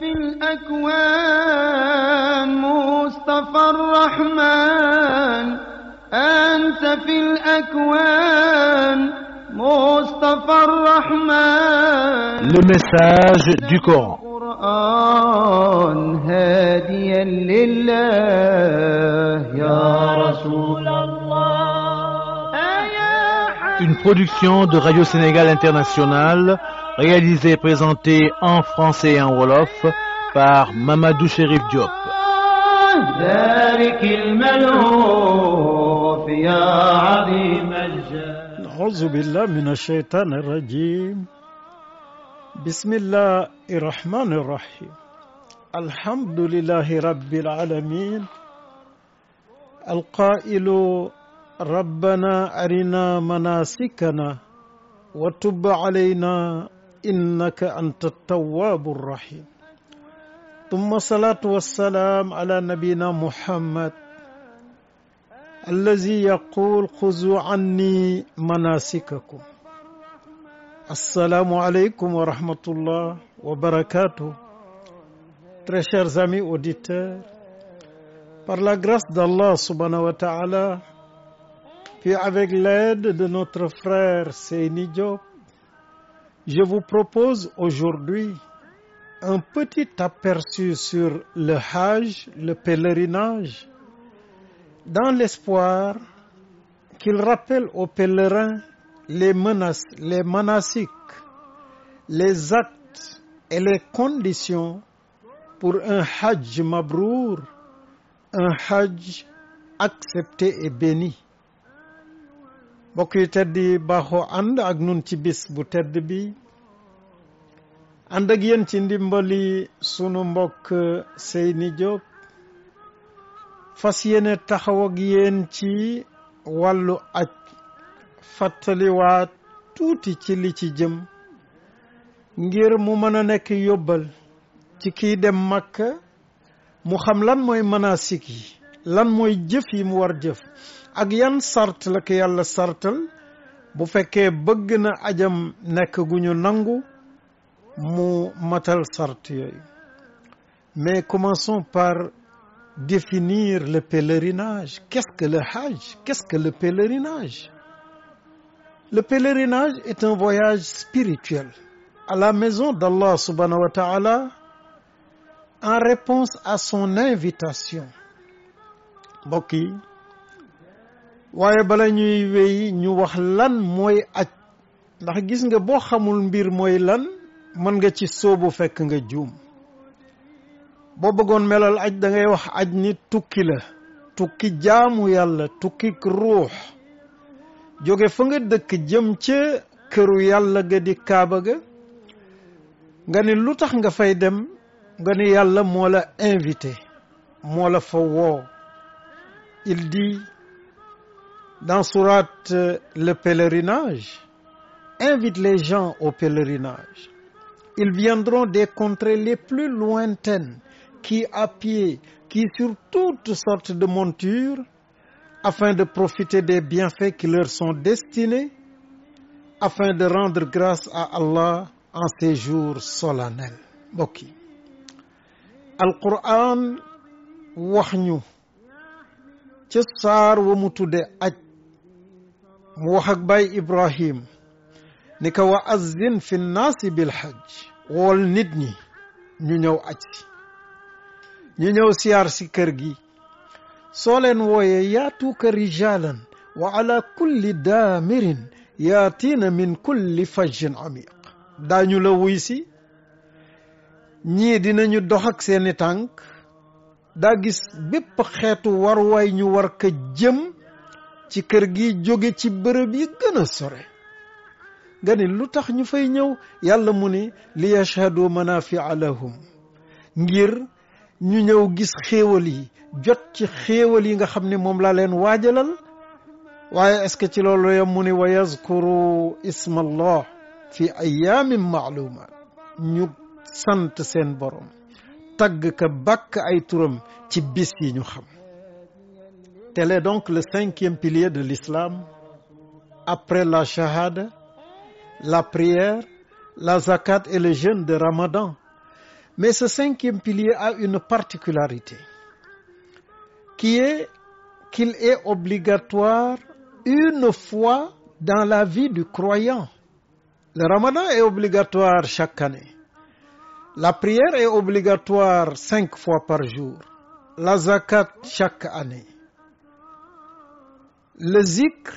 في الأكوان مصطفى الرحمن أنت في الأكوان مصطفى الرحمن Le message du Coran القرآن هاديا لله يا رسول الله Une production de Radio Sénégal Internationale réalisé et présenté en français et en wolof par Mamadou Chérif Diop. أعوذ بالله من الشيطان الرجيم بسم الله الرحمن الرحيم الحمد لله رب العالمين القائل ربنا أرنا مناسكنا وتب علينا innaka anta tawaabu rahim tumma salaatu wassalaam ala nabiyina muhammad allazi yaqul xuzu anni manasikakum assalaamu aleykum wa rahmatullah wa barakatuh très chers amis auditeurs par la grâce d'Allah subhanahu wa ta'ala puis avec l'aide de notre frère Seyni Diop Je vous propose aujourd'hui un petit aperçu sur le Hajj, le pèlerinage, dans l'espoir qu'il rappelle aux pèlerins les menaces, les manassiks, les actes et les conditions pour un Hajj mabrour, un Hajj accepté et béni. mbokk yu tedd yi baaxoo ànd ak nun ci bis bu tedd bi ànd ak yéen ci ndimbali sunu mbokk Seyni Diop fas yéene taxaw ak yéen ci wàllu aj fàttaliwaa tuuti ci li ci jëm ngir mu mën a nekk yóbbal ci kiy dem Makka mu xam lan mooy manaasik yi lan mooy jëf yi mu war jëf ak yan sart la ko yàlla sartal bu fekkee bëgg na ajam nekk gu nangu mu matal sart yooyu mais commençons par définir le pèlerinage qu'est-ce que le hajj qu'est-ce que le pèlerinage le pèlerinage est un voyage spirituel à la maison d'Allah subhanahu wa ta'ala en réponse à son invitation mbokk yi waaye bala ñuy wey ñu wax lan mooy aj ndax gis nga boo xamul mbir mooy lan mën nga ci sóobu fekk nga juum boo bëggoon melal aj da wax aj ni tukki la tukki jaamu yàlla tukki ruux jóge fa nga dëkk jëm ca këru yàlla ga di kaaba ga nga ni lu tax nga fay dem nga ni yàlla moo la invité moo la fa woo il dit dans sourate euh, le pèlerinage invite les gens au pèlerinage ils viendront des contrées les plus lointaines qui à pied qui sur toutes sortes de montures afin de profiter des bienfaits qui leur sont destinés afin de rendre grâce à Allah en ces jours solennels mbokk yi Alquran wax ñu ca saar wa mu tudde aj mu wax ak baay ibrahim ni ko wa azzin fi nnaasi bil wool nit ñi ñu ñëw aj si ñu ñëw siyaar si kër gi soo leen wooyee yaatuuka rijaalan wa ala kulli daamirin yaatiina min kulli fajjin amiq daañu la wuy si ñii dinañu dox ak seeni tànk daa gis bépp xeetu warwaay ñu war kë jëm ci kër gi jóge ci bërëb yi gën a sore nga ni lu tax ñu fay ñëw yàlla mu ni li yashhadu manafia lahum ngir ñu ñëw gis xéewal yi jot ci xéewal yi nga xam ni moom laa leen waajalal waaye est-ce que ci loolu yam mu ni wa yazkuru isma allah fi ayaamin maalumaat ñu sant seen borom tagg ka bàkk ay turam ci bis yi ñu xam tel est donc le cinquième pilier de l'islam après la shahada la prière la zakat et le jeûne de Ramadan mais ce cinquième pilier a une particularité qui est qu'il est obligatoire une fois dans la vie du croyant le Ramadan est obligatoire chaque année La prière est obligatoire cinq fois par jour. La zakat chaque année. Le zikr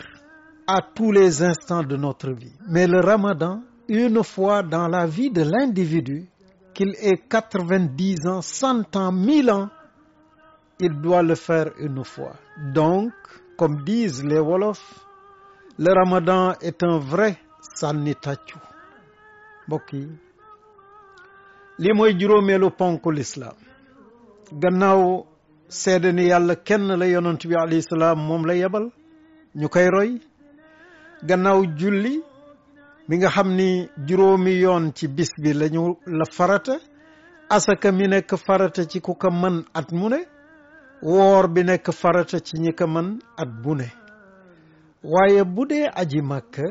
à tous les instants de notre vie. Mais le ramadan, une fois dans la vie de l'individu, qu'il ait quatre-vingt-dix ans, cent ans, mille ans, il doit le faire une fois. Donc, comme disent les Wolofs, le ramadan est un vrai sanitatu. lii mooy juróomeelu ponk lislaam gannaaw seede ni yàlla kenn la yonent bi alayhi salaam moom la yebal ñu koy roy gannaaw julli mi nga xam ni juróomi yoon ci bis bi lañu la farata asaka mi nekk farata ci ku ko mën at mu ne woor bi nekk farata ci ñi ko mën at bu waaye bu dee aji màkka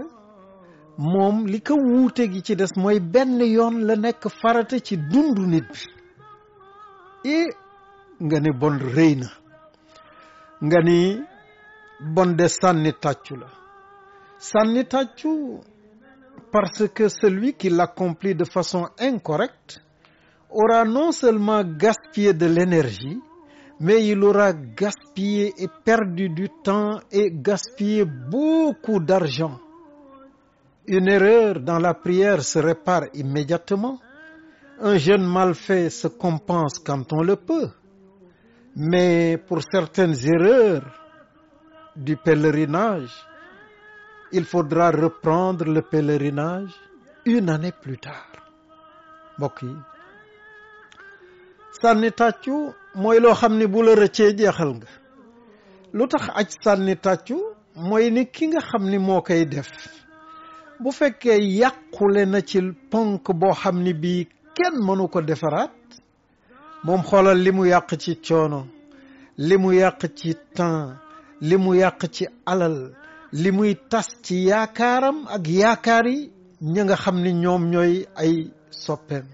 moom li ko wuute gi ci des mooy benn yoon la nekk farata ci dundu nit bi i nga ni bon rëy na nga ni bon de sànni tàccu la sànni tàccu parce que celui qui l'accomplit de façon incorrecte aura non seulement gaspillé de l'énergie mais il aura gaspillé et perdu du temps et gaspillé beaucoup d'argent Une erreur dans la prière se répare immédiatement. Un jeûne mal fait se compense quand on le peut. Mais pour certaines erreurs du pèlerinage, il faudra reprendre le pèlerinage une année plus tard. mbokk yi sànni tàccu mooy loo xam ni bu la rëccee jeexal nga lu tax aj sànni tàccu mooy ni ki nga xam ni moo koy def bu fekkee yàqule na ci ponk boo xam ni bii kenn mënu ko defaraat moom xoolal li mu yàq ci coono li mu yàq ci temps li mu yàq ci alal li muy tas ci yaakaaram ak yaakaar yi ña nga xam ni ñoom ñooy ay soppeem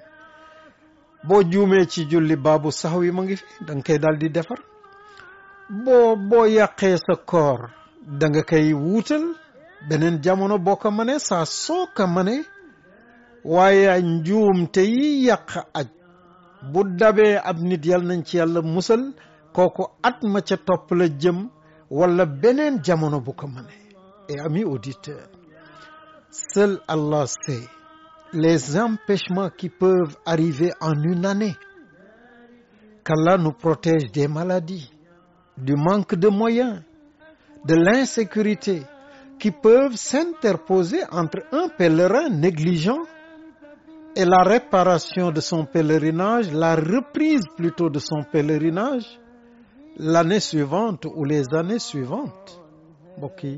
boo juumee ci julli baabu saxaw yi ma ngi danga koy dal di defar boo boo yàqee sa koor da koy wuutal beneen jamono boo ko mënee saa soo ko mënee waaye njuumte yi yàq aj bu dabee ab nit yàlla nañ ci yàlla musal kooku at ma ca topp la jëm wala beneen jamono bu ko mënee et amis auditeurs seul Allah sait les empêchements qui peuvent arriver en une année qu'Allah nous protège des maladies du manque de moyens de l'insécurité qui peuvent s'interposer entre un pèlerin négligent et la réparation de son pèlerinage, la reprise plutôt de son pèlerinage l'année suivante ou les années suivantes mbokk yi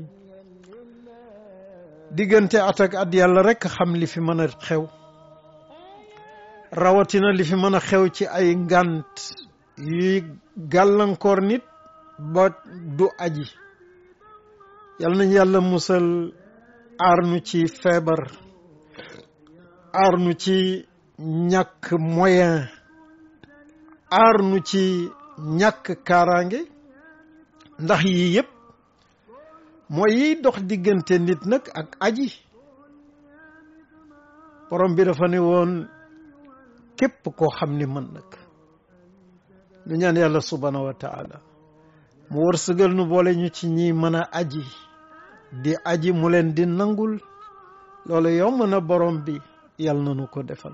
diggante at ak at yàlla rekk xam li fi mën a xew rawatina li fi mën a xew ci ay ngànt yuy gàllankoor nit ba du aji yàlla nañ yàlla musal aar nu ci feebar aar nu ci ñàkk moyen aar nu ci ñàkk kaaraange ndax yii yëpp mooy yi dox diggante nit nag ak aji borom bi dafa ne woon képp koo xam ni mën nag ñu ñaan yàlla subhanahu wa taala mu wërsëgal nu boole ñu ci ñi mën a aji di aji mu leen di nangul loolu yomb na borom bi yàlla na nu ko defal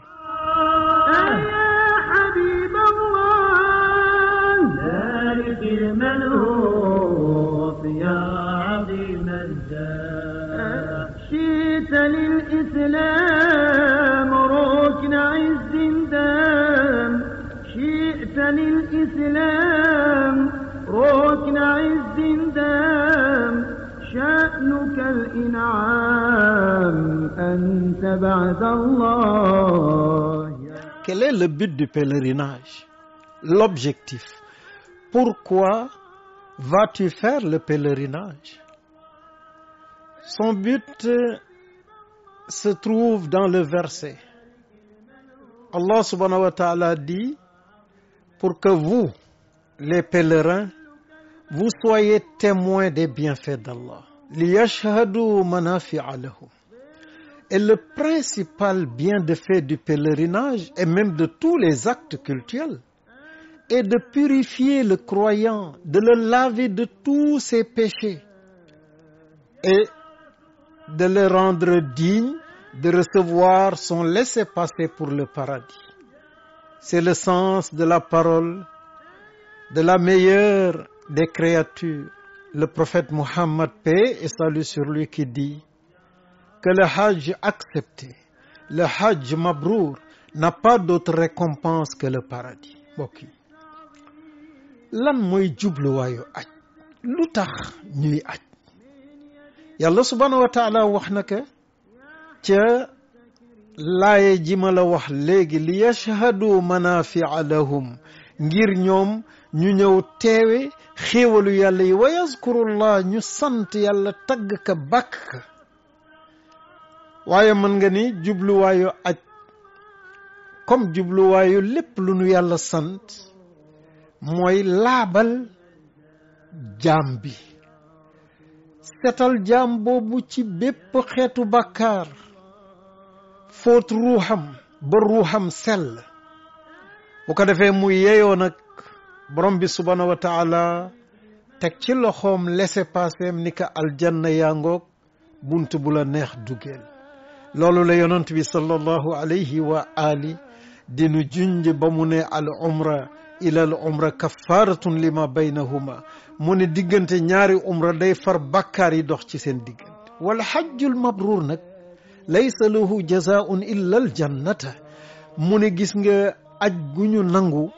للإسلام ركن عز دام شئت للإسلام الإنعام أن تبعث الله Quel est le but du pèlerinage L'objectif. Pourquoi vas-tu faire le pèlerinage Son but se trouve dans le verset. Allah subhanahu wa ta'ala dit pour que vous, les pèlerins, vous soyez témoins des bienfaits d'Allah. liyashhadu manafi'a lahum et le principal bienfait du pèlerinage et même de tous les actes cultuels est de purifier le croyant, de le laver de tous ses péchés et de le rendre digne de recevoir son laissez-passer pour le paradis. C'est le sens de la parole de la meilleure des créatures le prophète Muhammad, paix et salut sur lui, qui dit que le Hajj accepté, le Hajj mabrour, n'a pas d'autre récompense que le paradis. mbokk yi lan mooy jubluwaayu aj lu tax ñuy aj yàlla subhaanahu wa taala wax na ko ca ji ma la wax léegi li yashhadu manafia lahum ngir ñoom ñu ñëw teewe xéewalu yàlla yi wa yazkurullah ñu sant yàlla tagg ka bàkk ka waaye mën nga ni jubluwaayu aj comme jubluwaayu lépp lu nu yàlla sant mooy laabal jaam bi setal jaam boobu ci bépp xeetu bàkkaar fóot ruuxam ba ruuxam sell bu ko defee mu yeyoo nag borom bi subhaanahu wa taala teg ci loxoom laissez-passer ni ka aljanna yaa ngoog bunt bu la neex duggeel loolu la yonent bi sallallahu alayhi wa ali dinu junj ba mu ne al umra ila al umra kaffaratun lima baynahuma mu ne diggante ñaari umra day far bakkaar yi dox ci seen diggante wal hajjul mabruur nag laysa lahu jazaun illa al jannata mu ne gis nga aj gu ñu nangu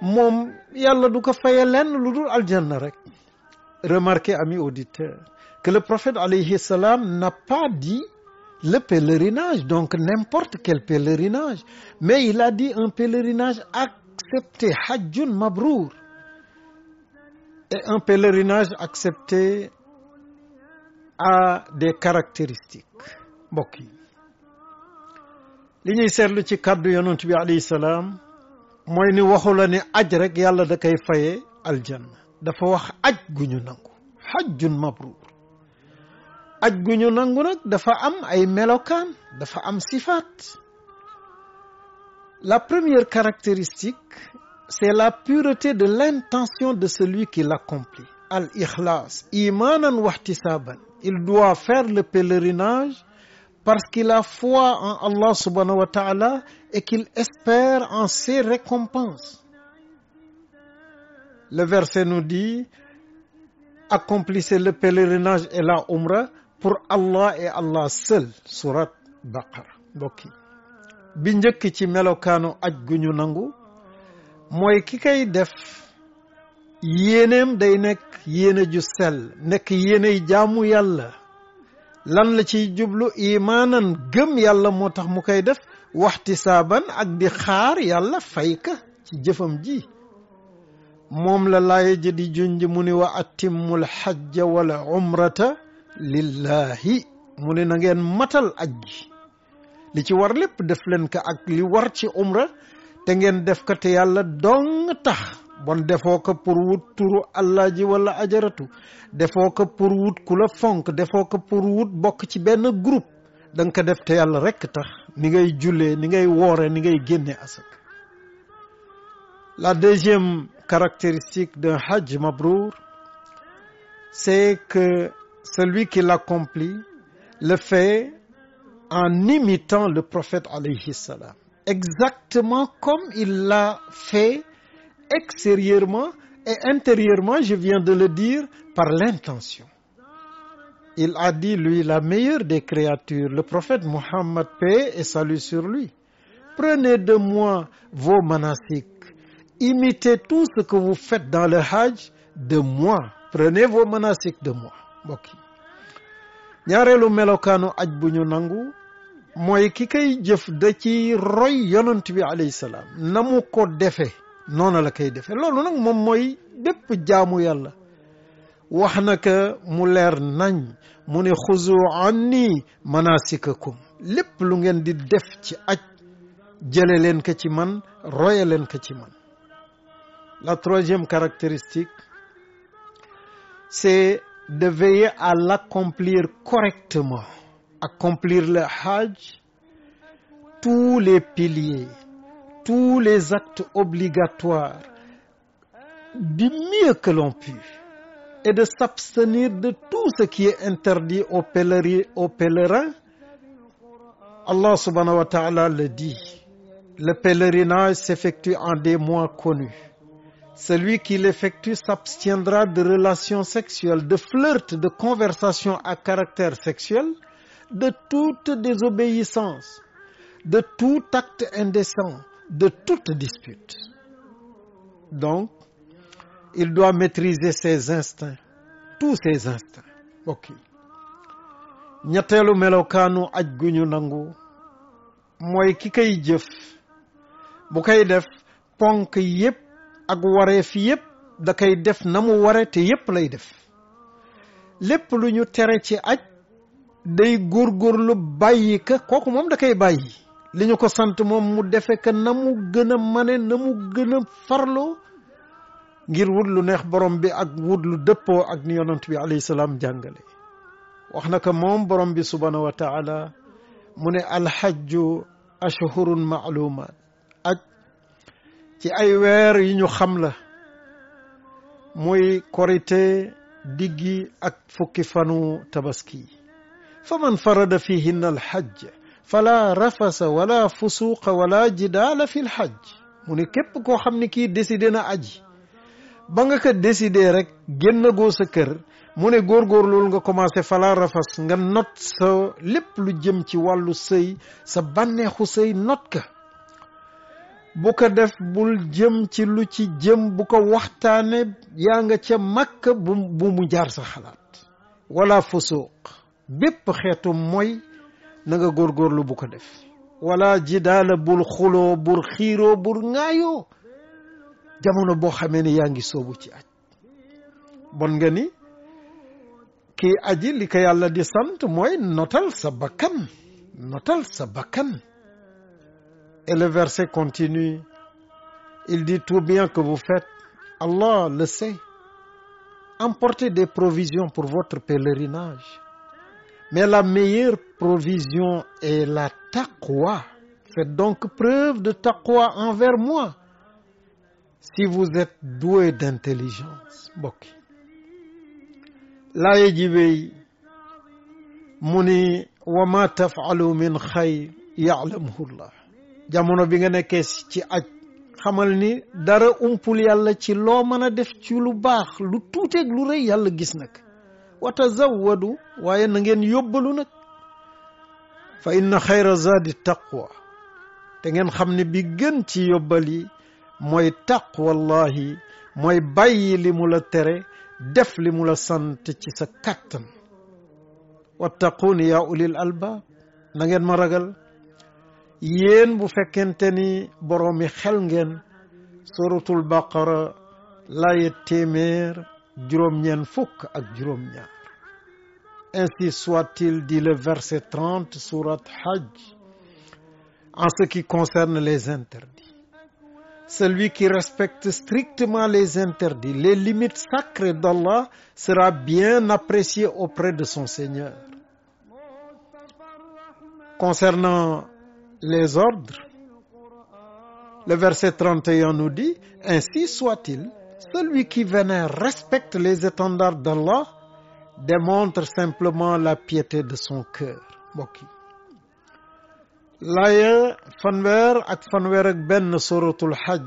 moom yàlla du ko faye lenn lu dul aljanna rek remarquez amis auditeurs que le prophète alayhi salam n'a pas dit le pèlerinage donc n'importe quel pèlerinage mais il a dit un pèlerinage accepté hajjun mabrour et un pèlerinage accepté a des caractéristiques mbokk yi li ñuy seetlu ci kàddu yonent bi alayhi salaam mooy ni waxu la ni aj rek yàlla da koy faye aljanna dafa wax aj gu ñu nangu xajjun mabrur aj gu ñu nangu nag dafa am ay melokaan dafa am sifaat la première caractéristique c'est la pureté de l'intention de celui qui l'accomplit al ikhlas imanan wahtisaban il doit fair le pèlerinage parce que a foi en Allah subhanahu wa ta'ala et qu'il espère en ses récompenses. Le verset nous dit, accomplissez le pèlerinage et la umra pour Allah et Allah seul. Surat Baqara mbokk bi njëkk ci melokaanu aj gu ñu nangu mooy ki kay def yéeneem day nekk yéene ju sell nekk yéeney jaamu yàlla lan la ciy jublu imaanan gëm yàlla moo tax mu koy def waxtisaaban ak di xaar yàlla fayka ka ci jëfam ji moom la laaya ji di junj mu ni wa atimmul xajja wala umrata lillahi mu ne na ngeen matal aj gi li ci war lépp def leen ko ak li war ci umra te ngeen def ko te yàlla dong tax bon defoo ko pour wut turu allah ji wala ajaratu defoo ko pour wut ku la fonk defoo ko pour wut bokk ci benn groupe da nga ko def te yàlla rekk tax ni ngay jullee ni ngay woore ni ngay génne asak la deuxième caractéristique d'un hajj mabrour c'est que celui qui l'accomplit le fait en imitant le prophète alayhi exactement comme il l'a fait extérieurement et intérieurement, je viens de le dire, par l'intention. Il a dit, lui, la meilleure des créatures, le prophète Mohammed, paix et salut sur lui. Prenez de moi vos manassiks, imitez tout ce que vous faites dans le hajj de moi. Prenez vos manassiks de moi. mbokk yi ñaareelu melokaanu aj bu ñu nangu mooy ki koy jëf da ci roy yonent bi alayhi salaam na mu ko defee noonu la koy defee loolu nag moom mooy bépp jaamu yàlla wax naka mu leer nañ mu ne xuzu anni manasikakum lépp lu ngeen di def ci aj jële leen ko ci man roye leen ko ci man la troisième caractéristique c'est de veiller à l'accomplir correctement accomplir le hajj tous les piliers tous les actes obligatoires du mieux que l'on put et de s'abstenir de tout ce qui est interdit aux pèlerins, aux pèlerins. Allah subhanahu wa ta'ala le dit. Le pèlerinage s'effectue en des mois connus. Celui qui l'effectue s'abstiendra de relations sexuelles, de flirt, de conversations à caractère sexuel, de toute désobéissance, de tout acte indécent de toute dispute. Donc, il doit maîtriser ses instincts, tous ses instincts. ok ñetteelu melokaanu aj gu ñu nangu mooy ki koy jëf bu koy def ponk yépp ak wareef yépp da koy def na mu ware te yépp lay def lépp lu ñu tere ci aj day góorgóorlu bàyyi ka kooku moom da koy bàyyi li ñu ko sant moom mu defe ka na mu gën a mane na mu gën ngir wut lu neex borom bi ak wut lu dëppoo ak ni yonant bi alayhi salaam jàngale wax na ko moom borom bi subhaanahu wa taala mu ne alxajju ashhurun maalumaat aj ci ay weer yu ñu xam la muy korite diggi ak fukki fanu tabaski fa man farada fihinna alxajj fala rafasa wala fusuqa wala jidaala fil xaj mu ne képp koo xam ne kii décidé na aji ba nga ko décidé rek génn goo sa kër mu ne góor loolu nga commencé fala rafas nga not sa lépp lu jëm ci wàllu sëy sa bànneexu sëy not ka bu ko def bul jëm ci lu ci jëm bu ko waxtaane yaa nga ca màkk bu mu jaar sa xalaat wala fusuq bépp xeetu mooy na nga góorgóorlu bu ko def wala jidaala bul xuloo bul xiiroo bul ŋaayoo jamono boo xamee ne yaa ngi soobu ci aj bon nga ni kii aji li ko yàlla di sant mooy notal sa bakkan notal sa bakkan et le verset continue il dit tout bien que vous faites Allah le sait emportez des provisions pour votre pèlerinage Mais la meilleure provision est la taqwa. Faites donc preuve de taqwa envers moi. Si vous êtes doué d'intelligence mbokk yi laaya ji wey mu ni wa ma tafaalu min xayr yaalamhu llah jamono bi nga nekkee ci aj xamal ni dara umpul yàlla ci loo mën a def ci lu baax lu tuuteeg lu rëy yàlla gis nag wa tazawwadu waaye na ngeen yóbbalu nag fa inna xayra zaadi taqwa te ngeen xam ne bi gën ci yóbbal yi mooy taqwallahi mooy bàyyi li mu la tere def li mu la sant ci sa kàttan wattaquuni yaa ulil albaab na ngeen ma ragal yéen bu fekkente ni boroomi xel ngeen suratul baqara laaye téeméer juróom-ñeent fukk ak juróom-ñaar ainsi soit-il dit le verset 30 sourate Hajj en ce qui concerne les interdits celui qui respecte strictement les interdits les limites sacrées d'Allah sera bien apprécié auprès de son Seigneur concernant les ordres le verset 31 nous dit ainsi soit-il Celui qui vénère respecte les étendards d'Allah démontre simplement la piété de son cœur mbokk yi laaye fanweer ak fanweer ak benn suratul xaj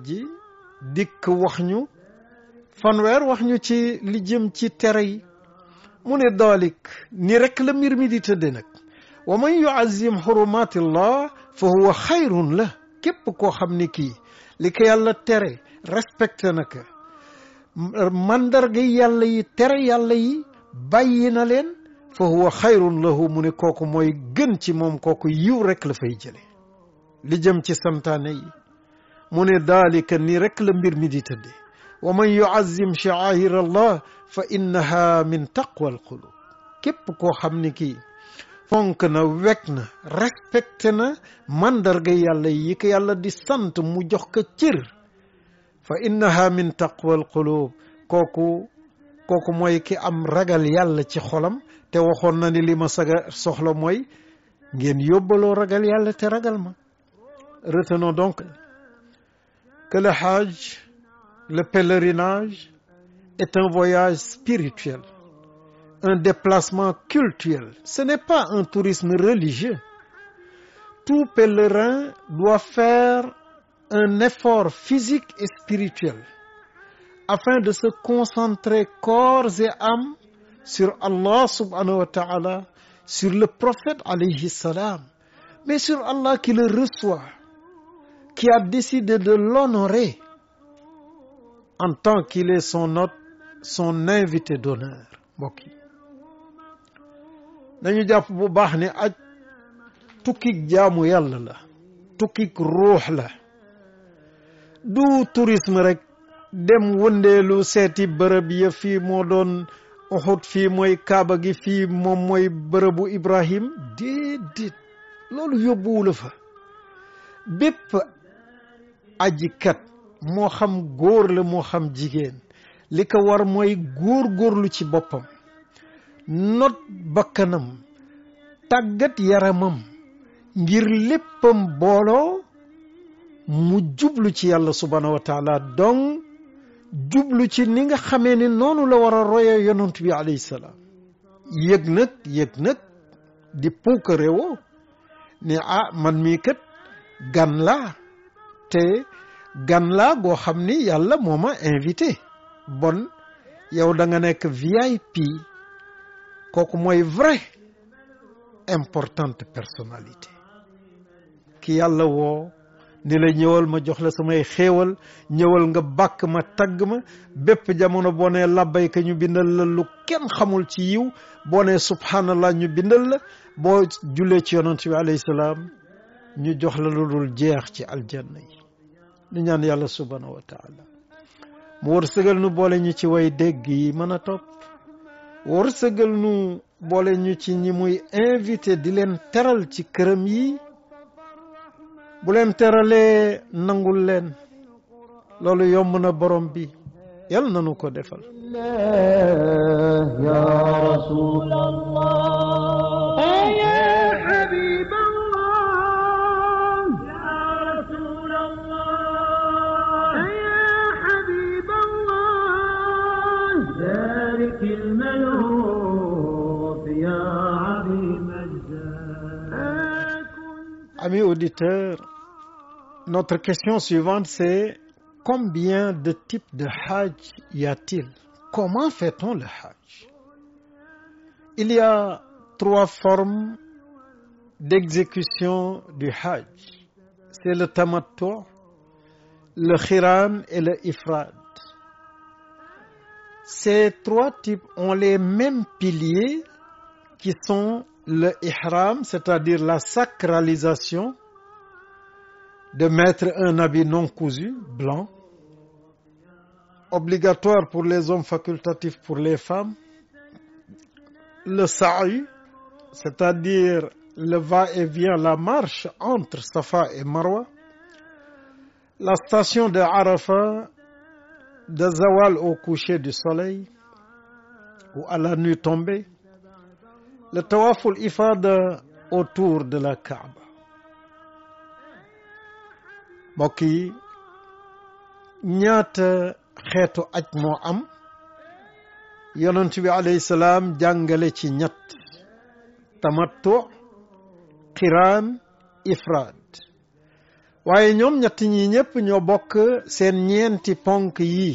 dikk wax ñu fanweer wax ñu ci li jëm ci tere yi mu ne daalik ni rek la mbir mi di tëdde nag wa man yuazim xurumatillah fa huwa xayrun la képp koo xam ni kii li ko yàlla tere respecte na ko mandarga yàlla yi tere yàlla yi bàyyi na leen fa huwa xayrun lahu mu ne kooku mooy gën ci moom kooku yiw rek la fay jële li jëm ci santaane yi mu ne daalika nii rek la mbir mi di tëdde wa man yuazim shaa'ir allah fa innaha min taqwa alqulub képp koo xam ni kii fonk na wekk na respecté na mandarga yàlla yi ko yàlla di sant mu jox ko cër fa innaha min taqwa al qulub kooku kooku mooy ki am ragal yàlla ci xolam te waxoon na ni li ma saga soxla mooy ngeen yóbbaloo ragal yàlla te ragal ma retenons donc que le hajj le pèlerinage est un voyage spirituel un déplacement cultuel ce n'est pas un tourisme religieux tout pèlerin doit faire un effort physique et spirituel afin de se concentrer corps et âme sur Allah subhanahu wa ta'ala, sur le prophète alayhi salam, mais sur Allah qui le reçoit, qui a décidé de l'honorer en tant qu'il est son hôte, son invité d'honneur mbokk nañu jàpp bu baax ne aj tukkik jaamu yàlla la tukkik ruux la du tourisme rekk dem wëndeelu seeti bërëb ya fii moo doon Uhud fii mooy Kaaba gi fi moom mooy bërëbu Ibrahim déedéet loolu yóbbuwu la fa bépp ajikat moo xam góor la moo xam jigéen li ko war mooy góor góorlu ci boppam not bakkanam tàggat yaramam ngir léppam booloo mu jublu ci yàlla subhaanahu wa taala donc jublu ci ni nga xamee ne noonu la war a royee yonent bi alayhi salaam yëg nag yëg nag di puukare ne ah man mii kët gan laa te gan laa goo xam ni yàlla moo ma invité bon yow da nga nekk VIP kooku mooy vrai importante personnalité ki yàlla woo ni la ñëwal ma jox la samay xéewal ñëwal nga bàkk ma tagg ma bépp jamono boo nee labbayka ñu bindal la lu kenn xamul ci yiw boo nee subhanallah ñu bindal la boo jullee ci yonent bi alayhi salaam ñu jox la lu dul jeex ci aljanna yi di ñaan yàlla subhanahu wa taala mu wërsëgal nu boole ñu ci way dégg yi mën a topp wërsëgal nu boole ñu ci ñi muy invité di leen teral ci këram yi bu leen teralee nangu leen loolu yomb na borom bi yal nanu ko defal ya rasulallah Amis auditeurs, notre question suivante c'est combien de types de hajj y a-t-il? Comment fait-on le hajj? Il y a trois formes d'exécution du hajj. C'est le tamattu, le khiram et le ifrad. Ces trois types ont les mêmes piliers qui sont le ihram, c'est-à-dire la sacralisation, de mettre un habit non cousu, blanc, obligatoire pour les hommes, facultatif pour les femmes, le sa'i, c'est-à-dire le va-et-vient, la marche entre Safa et Marwa, la station de Arafat, de Zawal au coucher du soleil ou à la nuit tombée, le tawaful ifada autour de la Kaaba mbokk yi ñaata xeetu aj moo am yonent bi alayhi salaam jàngale ci ñett tamattu qiraan ifraad waaye ñoom ñett ñi ñëpp ñoo bokk seen ñeenti ponk yi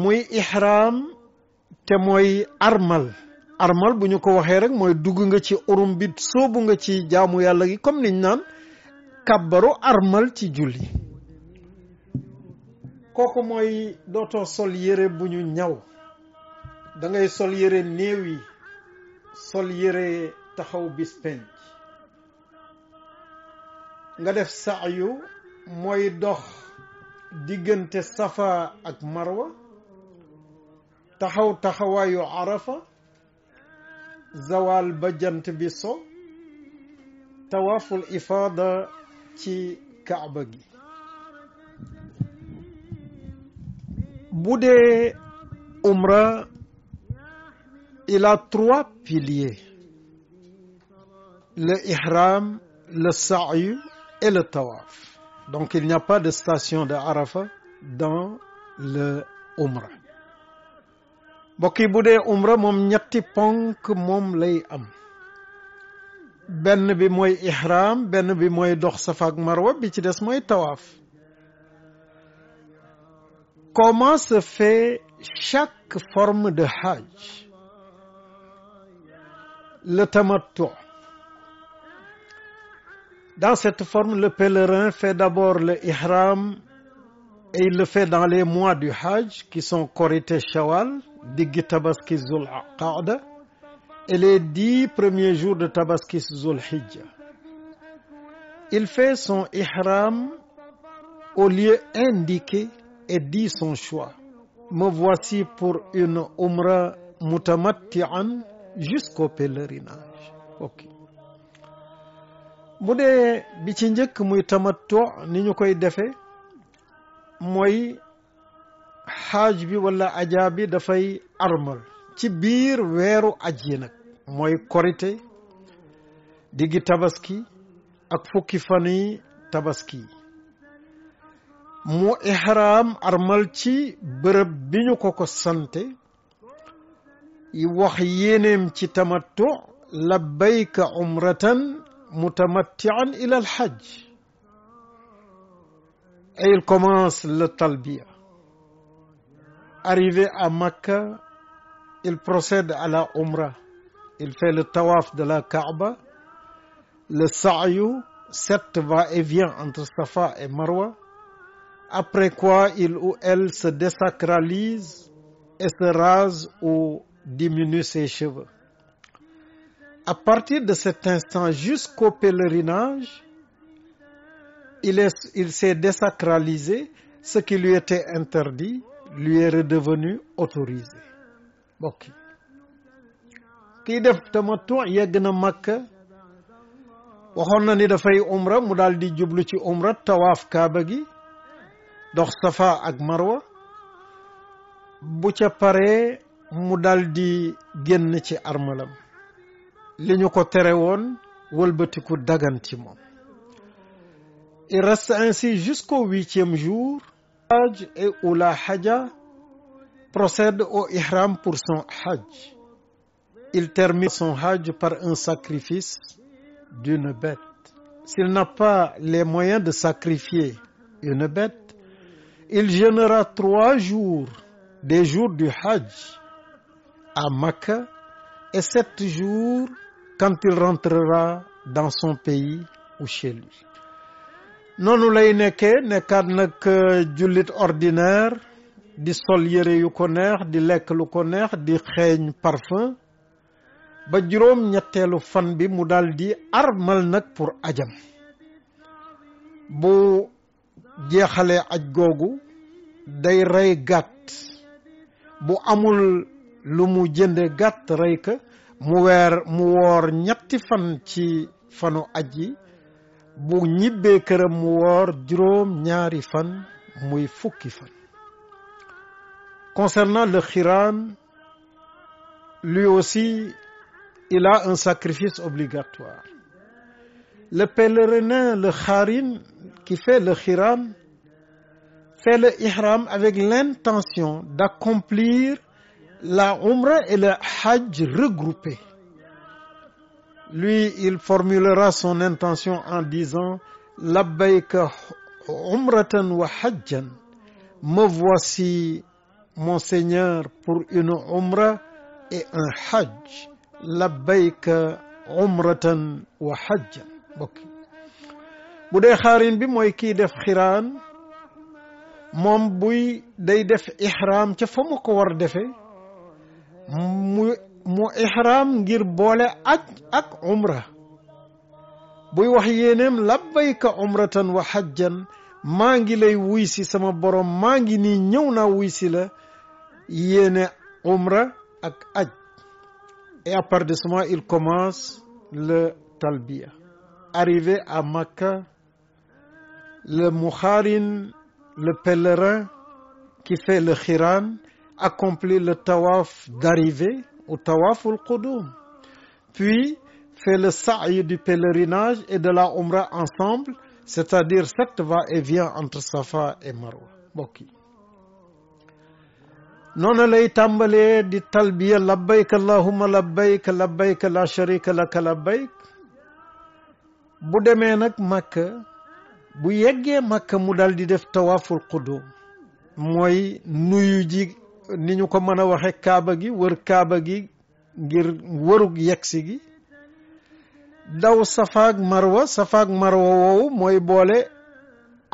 muy ihraam te mooy armal armal bu ñu ko waxee rek mooy dugg nga ci urum bi soobu nga ci jaamu yàlla gi comme niñ naan kàbbaru armal ci julli kooku mooy dootoo sol yére bu ñu ñaw dangay sol yére néew yi sol yére taxaw bis nga def saayu mooy dox diggante safa ak marwa taxaw taxawaayu arafa zawaal ba jant bi so tawaaful ifaada ci kaaba gi bu dee umra il a trois piliers le ihram le sa'yu et le tawaf donc il n'y a pas de station de Arafat mbokk yi bu dee umra moom ñetti ponk moom lay am benn bi mooy ihram benn bi mooy dox safa ak marwa bi ci des mooy tawaaf comment se fait chaque forme de hajj le tamattu dans cette forme le pèlerin fait d'abord le ihram et il le fait dans les mois du hajj qui sont Korité Shawwal digg tabaski zul qaada et les di premier jours de tabaski zul hijja il fait son ihram au lieu indiqué et dit son choix me voici pour une umra mutamattian jusqu'au pèlerinage ok bu dee ci njëkk muy tamattu ni ñu koy defee mooy xaaj bi wala ajaa bi dafay armal ci biir weeru aj yi nag mooy korite diggi tabaski ak fukki fan yi tabaski mu ihraam armal ci bërëb bi ñu ko ko sante wax yéeneem ci tamattu labbayka umratan mutamattian ila al hajj et commence le talbiya Arrivé à Makka, il procède à la Umrah. Il fait le tawaf de la Kaaba, le sa'yu, sept va-et-vient entre Safa et Marwa, après quoi il ou elle se désacralise et se rase ou diminue ses cheveux. À partir de cet instant jusqu'au pèlerinage, il est, il s'est désacralisé, ce qui lui était interdit, lui est redevenu autorisé mbokk yi def tamattu yegg na Makka waxoon na ni dafay umra mu daal di jublu ci umra tawaaf kaaba gi dox safa ak marwa bu ca pare mu daal di génn ci armalam li ñu ko tere woon wëlbatiku daganti il reste ainsi jusqu'au huitième jour Hajj et ou la Haja procède au ihram pour son Hajj. Il termine son Hajj par un sacrifice d'une bête. S'il n'a pas les moyens de sacrifier une bête, il jeûnera trois jours des jours du Hajj à Makka et sept jours quand il rentrera dans son pays ou chez lui. noonu lay nekkee nekkaat nag euh, jullit ordinaire di sol yére yu ko neex di lekk lu ko neex di xeeñ parfum ba juróom ñetteelu fan bi mu daldi armal nag pour ajam bu jeexalee aj googu day rey gàtt bu amul lu mu jënde gàtt rey ka mu weer mu woor ñetti fan ci fanu aj yi bu ñibbee këram mu woor ñaari fan muy fukki fan concernant le khiram lui aussi il a un sacrifice obligatoire le pèlerin le kharin qui fait le khiram fait le ihram avec l'intention d'accomplir la umra et le hajj regroupés Lui, il formulera son intention en disant labbayka umratan wa hajjan. Me voici, mon pour une umra et un hajj. labbayka umratan wa hajjan bokk bu dee xaarin bi mooy kii def xiraan moom buy day def ihram ca fa mu war defe mu ihram ngir boole aj ak umra buy wax yéeneem labbayka umratan wa hajjan maa ngi lay wuy si sama borom maa ngi nii ñëw naa wuy si la yéene umra ak aj et à partir de ce moment il commence le talbiya arrivé à Makka le muxaarin le pèlerin qui fait le xiran accomplit le tawaf d'arrivée ou tawaful qudum puis fait le sa'i du pèlerinage et de la omra ensemble c'est-à-dire sept va-et-vient entre Safa et Marwa mbokk yi lay tàmbalee di talbiya labbayk allahumma labbayk labbayk la sharika laka labbayk bu demee nag Makka bu yeggee Makka mu dal di def tawaaful qudum mooy nuyu ji ni ñu ko mën a waxe kaaba gi wër kaaba gi ngir wërug yegsi gi daw safaak marwa safaak marwa woowu mooy boole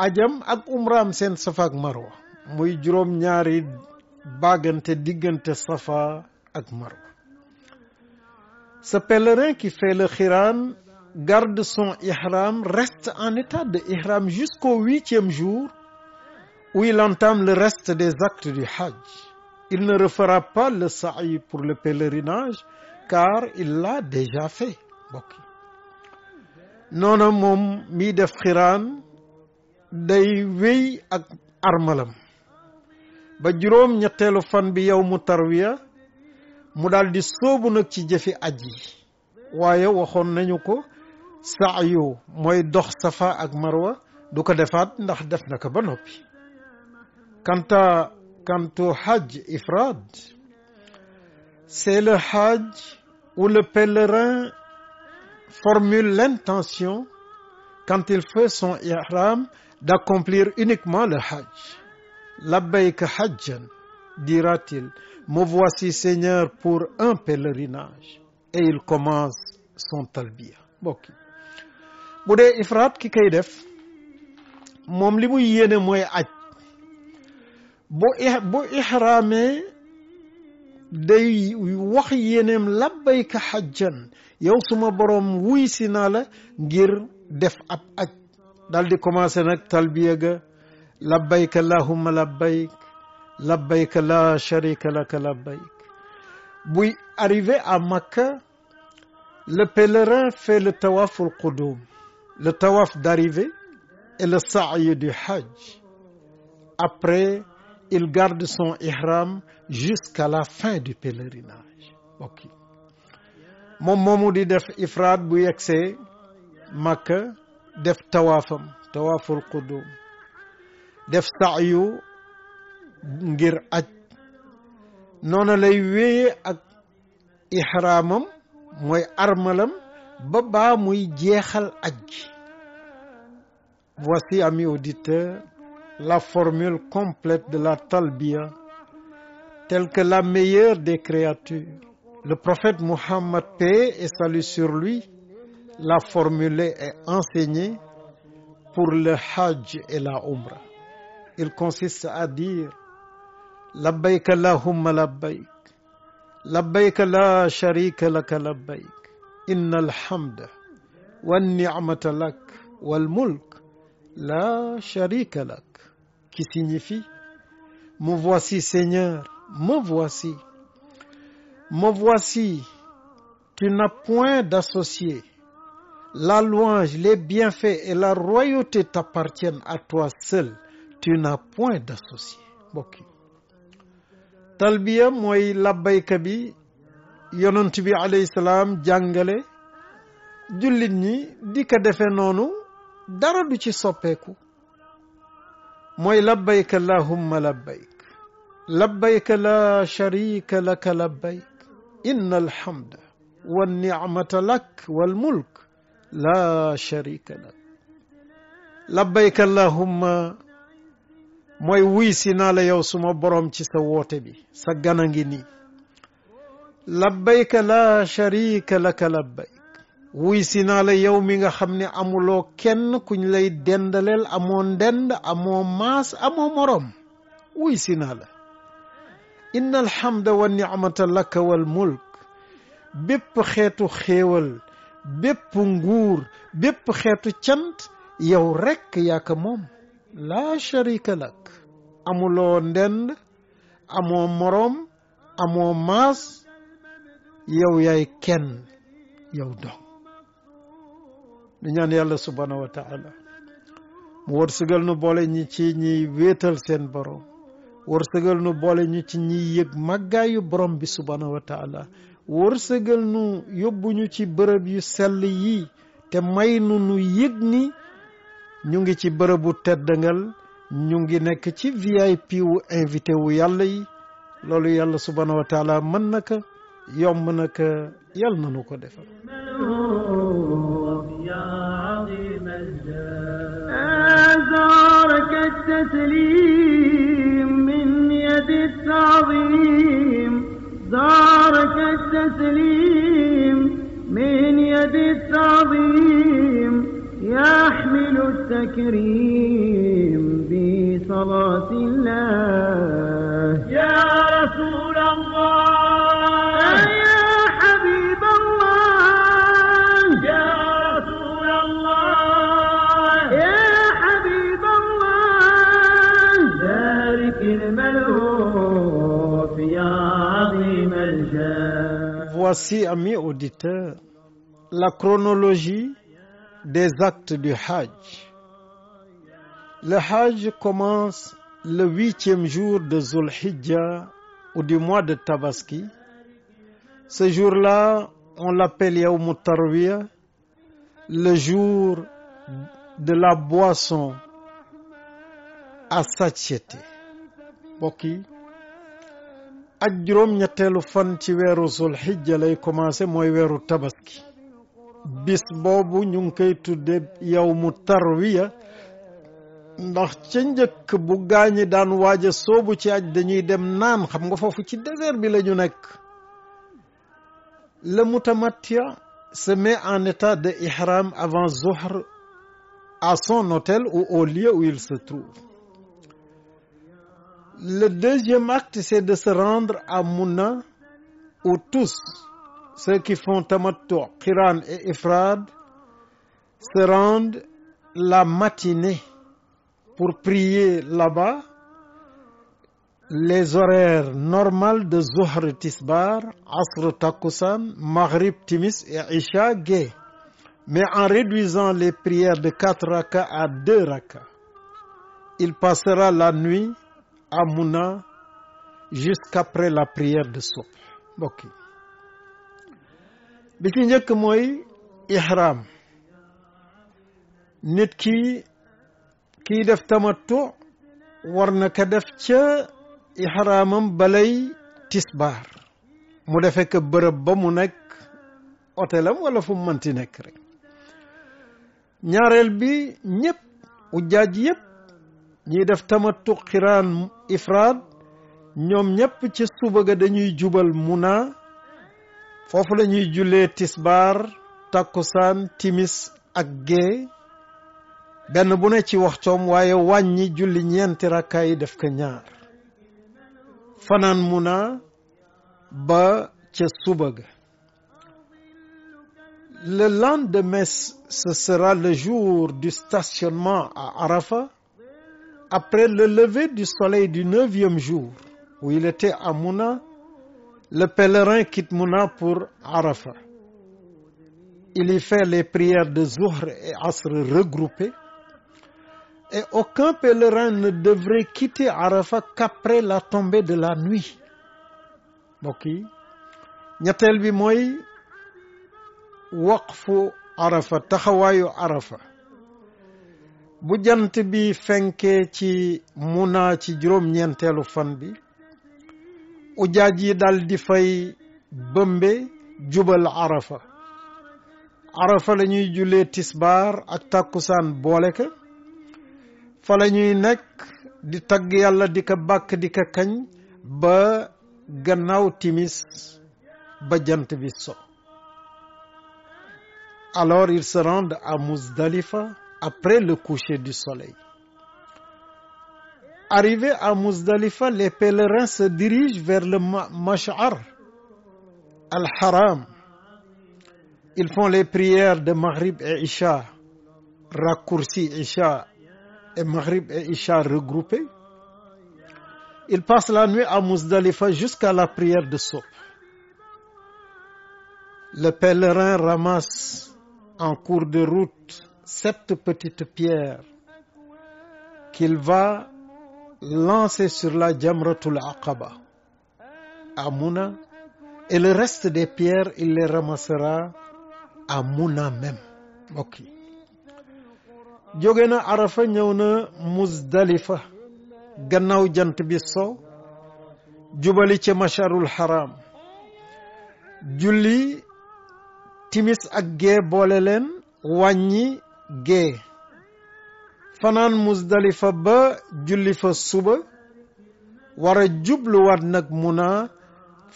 ajam ak umraam seen safaak marwa muy juróom ñaari bàggante diggante safa ak marwa ce pèlerin qui fait le xiran garde son ihram reste en état de ihram jusqu'au huitième jour où il entame le reste des actes du hajj Il ne refera pas le sa'i pour le pèlerinage car il l'a déjà fait mbokk noona moom mi def xiraan day wey ak armalam ba juróom ñetteelu fan bi yow mu tarwiya mu daal di sóobu nag ci jëfi aj yi waaye waxoon nañu ko sa'yu mooy dox safa ak marwa du ko defaat ndax def na ko ba noppi kanta quant au Hajj c'est le Hajj où le pèlerin formule l'intention, quand il fait son ihram, d'accomplir uniquement le Hajj. Labbayka hajjan, dira-t-il, me voici Seigneur pour un pèlerinage. Et il commence son talbiya. mbokk bu dee ifraat ki koy def moom li bu bu ixraamee day wax yéeneem labbayka xajjan yow suma boroom wuy si naa la ngir def ab aj dal di commencé nag talbiya ga labbayka allahumma labbayk labbayka la sharika laka labbayk buy arrivé à Makka le pèlerin fait le tawaf al qudum le tawaf d'arrivée et le sa'i du hajj après il garde son ihram jusqu'à la fin du pèlerinage bokk moom moomu di def ifraat bu yegsee Makka def tawaafam tawaaful qudum def sa'yu ngir aj noonu lay wéyee ak ihraamam mooy armalam ba baa muy jeexal aj voici amis auditeurs la formule complète de la talbiya telle que la meilleure des créatures. Le prophète Muhammad, paix et salut sur lui, l'a formulée et enseignée pour le Hajj et la Umra. Il consiste à dire labbayk allahumma labbayk labbayk la sharika laka labbayk innal hamda wan ni'mata lak wal mulk la sharika lak qui signifie Me voici Seigneur, me voici. Me voici, tu n'as point d'associé. La louange, les bienfaits et la royauté t'appartiennent à toi seul. Tu n'as point d'associé. talbiya mooy labbayka bi yonent bi alayhi salaam jullit ñi di ko defe noonu dara du ci soppeeku mooy labbayk allahumma labbayk labbayk laa sharika laka labbayk inna alhamda wa nicmata lak wal mulk laa sharika lak labbayk allahumma mooy wuy si naa la yow suma boroom ci sa woote bi sa gana ngi nii labbayka laa sharika laka labbayk wuy si naa la yow mi nga xam ni amuloo kenn kuñ lay dendaleel amoo ndend amoo maas amoo moroom wuy si naa la inna alhamda wa nicmata laka wal mulk bépp xeetu xéewal bépp nguur bépp xeetu cant yow rekk yaa ko moom laa sharika lak amuloo ndend amoo moroom amoo maas yow yaay kenn yow dong di ñaan yàlla subhanahu wa taala mu wërsëgal nu boole ñi ci ñiy wéetal seen borom wërsëgal nu boole ñu ci ñiy yëg màggaayu borom bi subhanahu wa taala nu yóbbu ñu ci bërëb yu sell yi te may nu nu yëg ni ñu ngi ci bërëbu teddangal ñu ngi nekk ci VIP wu invité wu yàlla yi loolu yàlla subhanahu wa mën na ko yomb na ko yàlla na nu ko defal لك التسليم من يد التعظيم زارك التسليم من يد التعظيم يحمل التكريم بصلاة الله يا رسول الله Voici, amis auditeurs, la chronologie des actes du Hajj. Le Hajj commence le huitième jour de Zulhijja ou du mois de Tabaski. Ce jour-là, on l'appelle Yawmu Tarwiya, le jour de la boisson à satiété. ak juróom-ñetteelu fan ci weeru zulxijja lay commencé mooy weeru tabaski bis boobu ñu ngi koy tudde yow mu tarwiya ndax ca njëkk bu gaañi daan waaj a soobu ci aj dañuy dem naan xam nga foofu ci désert bi la ñu nekk la mutamatia se met en état de ihram avant zuhr à son hôtel u au lieu où il se trouve le deuxième acte c'est de se rendre à Mouna où tous ceux qui font tamattu qiran et ifrad se rendent la matinée pour prier là-bas les horaires normales de Zuhr Tisbar Asr Takusan Maghrib Timis et Isha Gay mais en réduisant les prières de quatre rakas à deux rakas il passera la nuit à Mouna jusqu'après la prière de soub mbokk yi bi ci njëkk mooy ihram nit ki kii def tamattu war na ko def ca ihramam balay tisbaar mu defe ko bërëb ba mu nekk otelam wala fu mu mënti nekk rek ñaareel bi ñëpp ujjaaj yëpp ñiy def tamattu xiraan ifraad ñoom ñépp ci suba ga dañuy jubal muna foofu lañuy ñuy jullee tisbaar takkusaan timis ak gée benn bu ne ci wax waxtoom waaye wàññi julli ñeenti rakkaa yi def ko ñaar fanaan muna ba ca suba ga le lendemain ce sera le jour du stationnement à Arafat après le lever du soleil du neuvième jour où il était à Mouna, le pèlerin quitte Mouna pour Arafat. Il y fait les prières de Zuhr et Asr regroupées et aucun pèlerin ne devrait quitter Arafat qu'après la tombée de la nuit. mbokk yi ñetteel bi mooy waqfu Arafa taxawaayu Arafa bu jant bi fenkee ci muna ci juróom-ñeenteelu fan bi ujaaj yi dal di fay bëmbe jubal arafa arafa la jullee tisbaar ak tàkkusaan boole ka fa la nekk di tagg yàlla di ko bàkk di ko kañ ba gannaaw timis ba jant bi so alors ils se rendent à Muzdalifa après le coucher du soleil. Arrivés à Muzdalifa, les pèlerins se dirigent vers le Mash'ar al-Haram. Ils font les prières de Maghrib et Isha, raccourci Isha et Maghrib et Isha regroupés. Ils passent la nuit à Muzdalifa jusqu'à la prière de Sopp. Le pèlerin ramasse en cours de route sept petites pierres qu'il va lancer sur la Jamratul Aqaba à Mouna et le reste des pierres il les ramassera à Mouna même mbokk yi jóge na Arafa ñëw na Muzdalifa gannaaw jant bi so jubali ca Masharul Haram julli timis ak gee boole leen wàññi gee fanaan musdalifa ba julli fa suba war a jubluwaat nag muna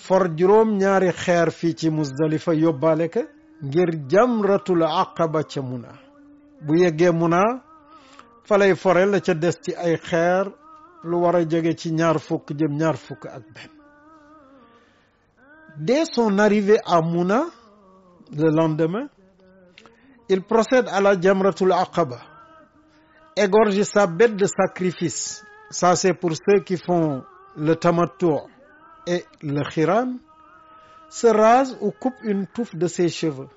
for juróom ñaari xeer fii ci musdalifa yóbbaale ka ngir jamratul aqaba ca muna bu yeggee muna falay fore la ca des ci ay xeer lu war a jege ci ñaar fukk jëm ñaar fukk ak benn dès son arrivée à Mouna le lendemain il procède à la jamratul aqaba égorge sa bête de sacrifice ça c'est pour ceux qui font le tamattu et le khiram se rase ou coupe une touffe de ses cheveux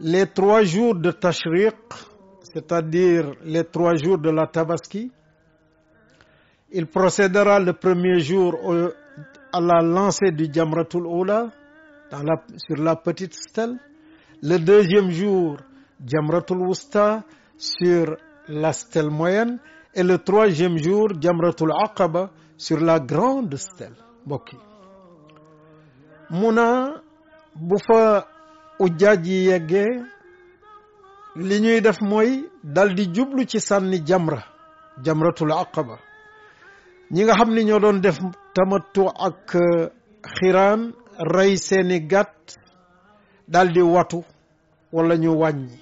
les trois jours de les trois jours de la tabaski il procédera le premier jour au, à la lancée du jamratul oula sur la petite stèle Le deuxième jour, Jamratul Wusta sur la stèle moyenne et le troisième jour, Jamratul Aqaba sur la grande stèle mbokk yi na bu fa ujjaaj yi yeggee li ñuy def mooy dal di jublu ci sànni jamra jamratul aqaba ñi nga xam ni ñoo doon def tamattu ak euh, xiraan rey seeni gàtt daldi watu walla ñu wàññi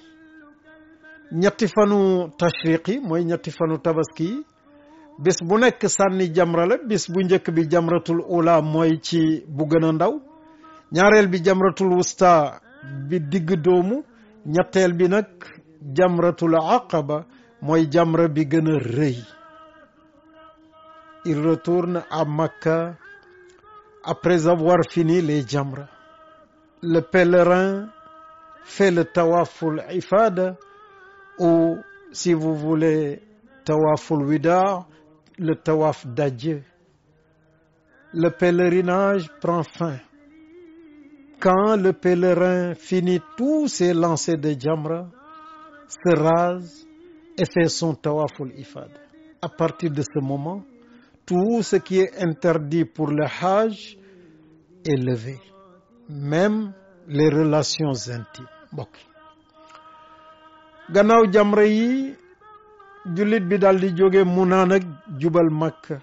ñetti fanu tashriq mooy ñetti fanu tabaski yi bis bu nekk sànni jamra la bis bu njëkk bi jamratul ula mooy ci bu gën a ndaw ñaareel bi jamratul wusta bi digg doomu ñetteel bi nag jamratul aqaba mooy jamra bi gën a rëy il retourne à Makka après avoir fini les jamra le pèlerin fait le tawaful ifada ou si vous voulez tawaful wida le tawaf d'adieu le pèlerinage prend fin quand le pèlerin finit tous ses lancers de jamra se rase et fait son tawaful ifada à partir de ce moment tout ce qui est interdit pour le hajj est levé même les relations intimes mbokk gannaaw jamra yi jullit bi daal di jóge Munaa nag jubal Makka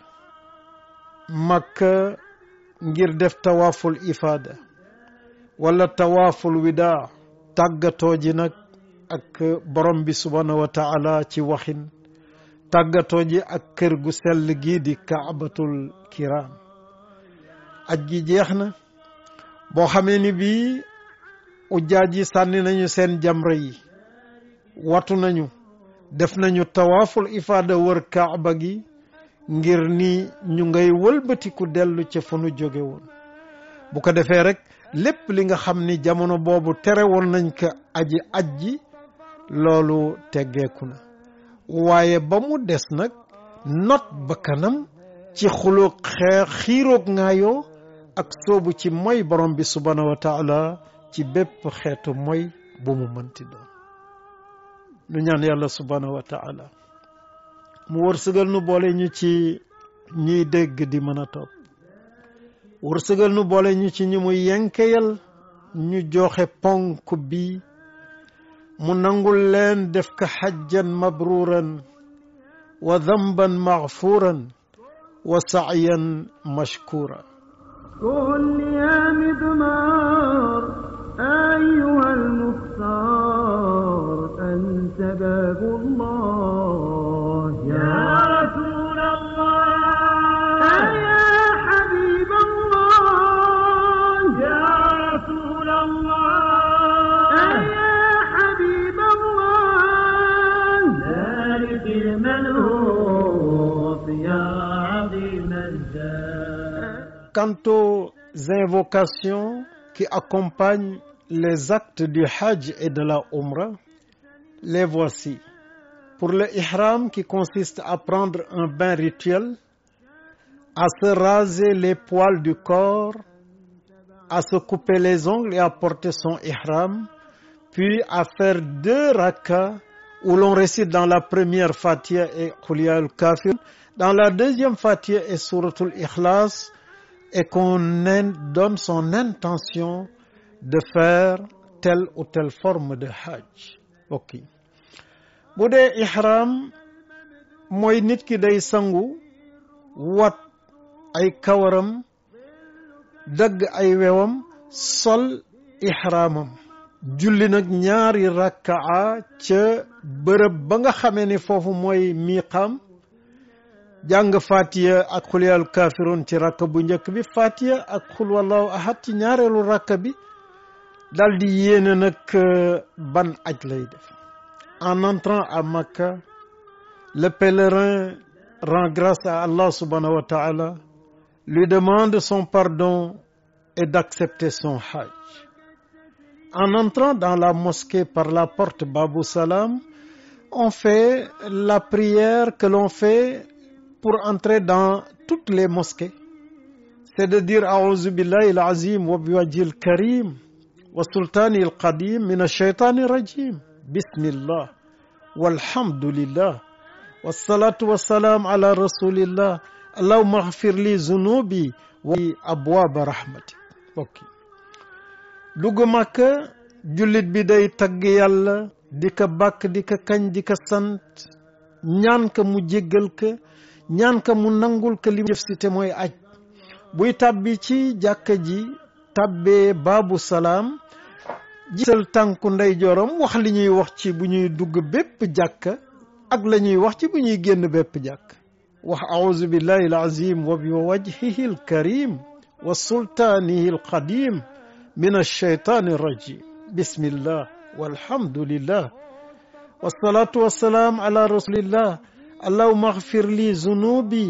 Makka ngir def tawaaful ifaada wala tawaaful widaa tàggatoo ji nag ak borom bi subhaanahu wa ci waxin tàggatoo ji ak kër gu sell gii di kaabatul kiraam aj gi jeex na boo xamee ni bii ujjaaj yi sànni nañu seen jamra yi watu nañu def nañu tawaaful ifaada wër kaaba gi ngir ni ñu ngay wëlbatiku dellu ci fa nu jóge woon bu ko defee rekk lépp li nga xam ni jamono boobu tere woon nañ ko aji aj ji loolu teggeeku na waaye ba mu des nag not ba kanam ci xuloo xeex xiiroog ngaayoo ak soobu ci moy borom bi subhaanahu wa ci bépp xeetu moy bu mu mënti doon nu ñaan yàlla subhaanahu wa mu wërsëgal nu boole ñu ci ñiy dégg di mën a topp wërsëgal nu boole ñu ci ñi muy yenkeyal ñu joxe ponk bi mu nangul leen def ka xajjan mabruuran wa damban maxfuuran wa sacyan mashkuura قل يا مدمار أيها المختار أنت باب الله quant aux invocations qui accompagnent les actes du Hajj et de la Umra, les voici. Pour le ihram qui consiste à prendre un bain rituel, à se raser les poils du corps, à se couper les ongles et à porter son ihram, puis à faire deux rakas où l'on récite dans la première Fatiha et Qul ya al-Kafirun, dans la deuxième Fatiha et Souratul Ikhlas, et qu'on donne son intention de faire telle ou telle forme de hajj ok bu dee ihram mooy nit ki day sangu wat ay kawaram dagg ay wewam sol ihramam julli nag ñaari rakkaa ca bërëb ba nga xame ni foofu mooy miiqaam jàng fatiya ak xul yal kaafiruun ci rakk bu njëkk bi fatiya ak xul wallahu ahad ci ñaareelu rakk bi dal di yéene euh, ban aj lay en entrant à Makka le pèlerin rend grâce à Allah subhanahu wa ta'ala lui demande son pardon et d'accepter son hajj. En entrant dans la mosquée par la porte Babou Salam, on fait la prière que l'on fait pour entrer dans toutes les mosquées, c'est de dire aouzu billahi al-azim wa biwajhil karim li zunubi wa abwaaba rahmatik bokk dugg Màkka bi day tagg yàlla di ko bàkk di ko kañ di ko sant ñaan ka mu jéggal ñaan mu nangul ka li te mooy aj buy tàbbi ci jàkka ji tàbbee baabu salaam jiital tànku ndeyjooram wax li ñuy wax ci bu ñuy dugg bépp jàkka ak la ñuy wax ci bu ñuy génn bépp jàkk wax auzu billahi alazim wa bi wajhihi alkarim wa sultaanihi alqadim min alcheytaani alrajim bismillah walhamdulillah wasalaatu wasalaam ala rasulillah allahuma axfir li zunubi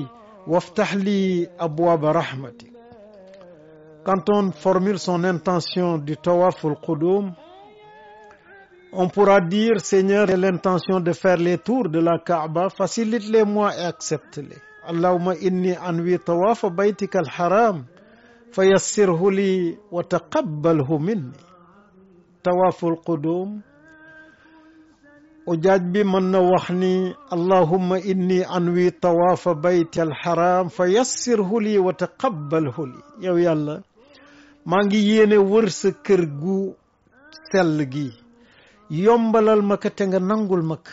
waftax li abwaaba rahmatik quand on formule son intention du tawaful qudum on pourra dire Seigneur l'intention de faire les tours de la Kaaba facilite-les-moi et accepte-les allahuma inni anwi tawaafa baytika alharam fa yassirhu li wa taqabbalhu minni tawaaful qudum ujaaj bi mën na wax ni allahumma inni anwi tawaafa bayti alxaraam fa yassirhu lii wa taqabbalhu lii yow yàlla maa ngi yéene wër kër gu sell gi yombalal ma ko te nangul ma ko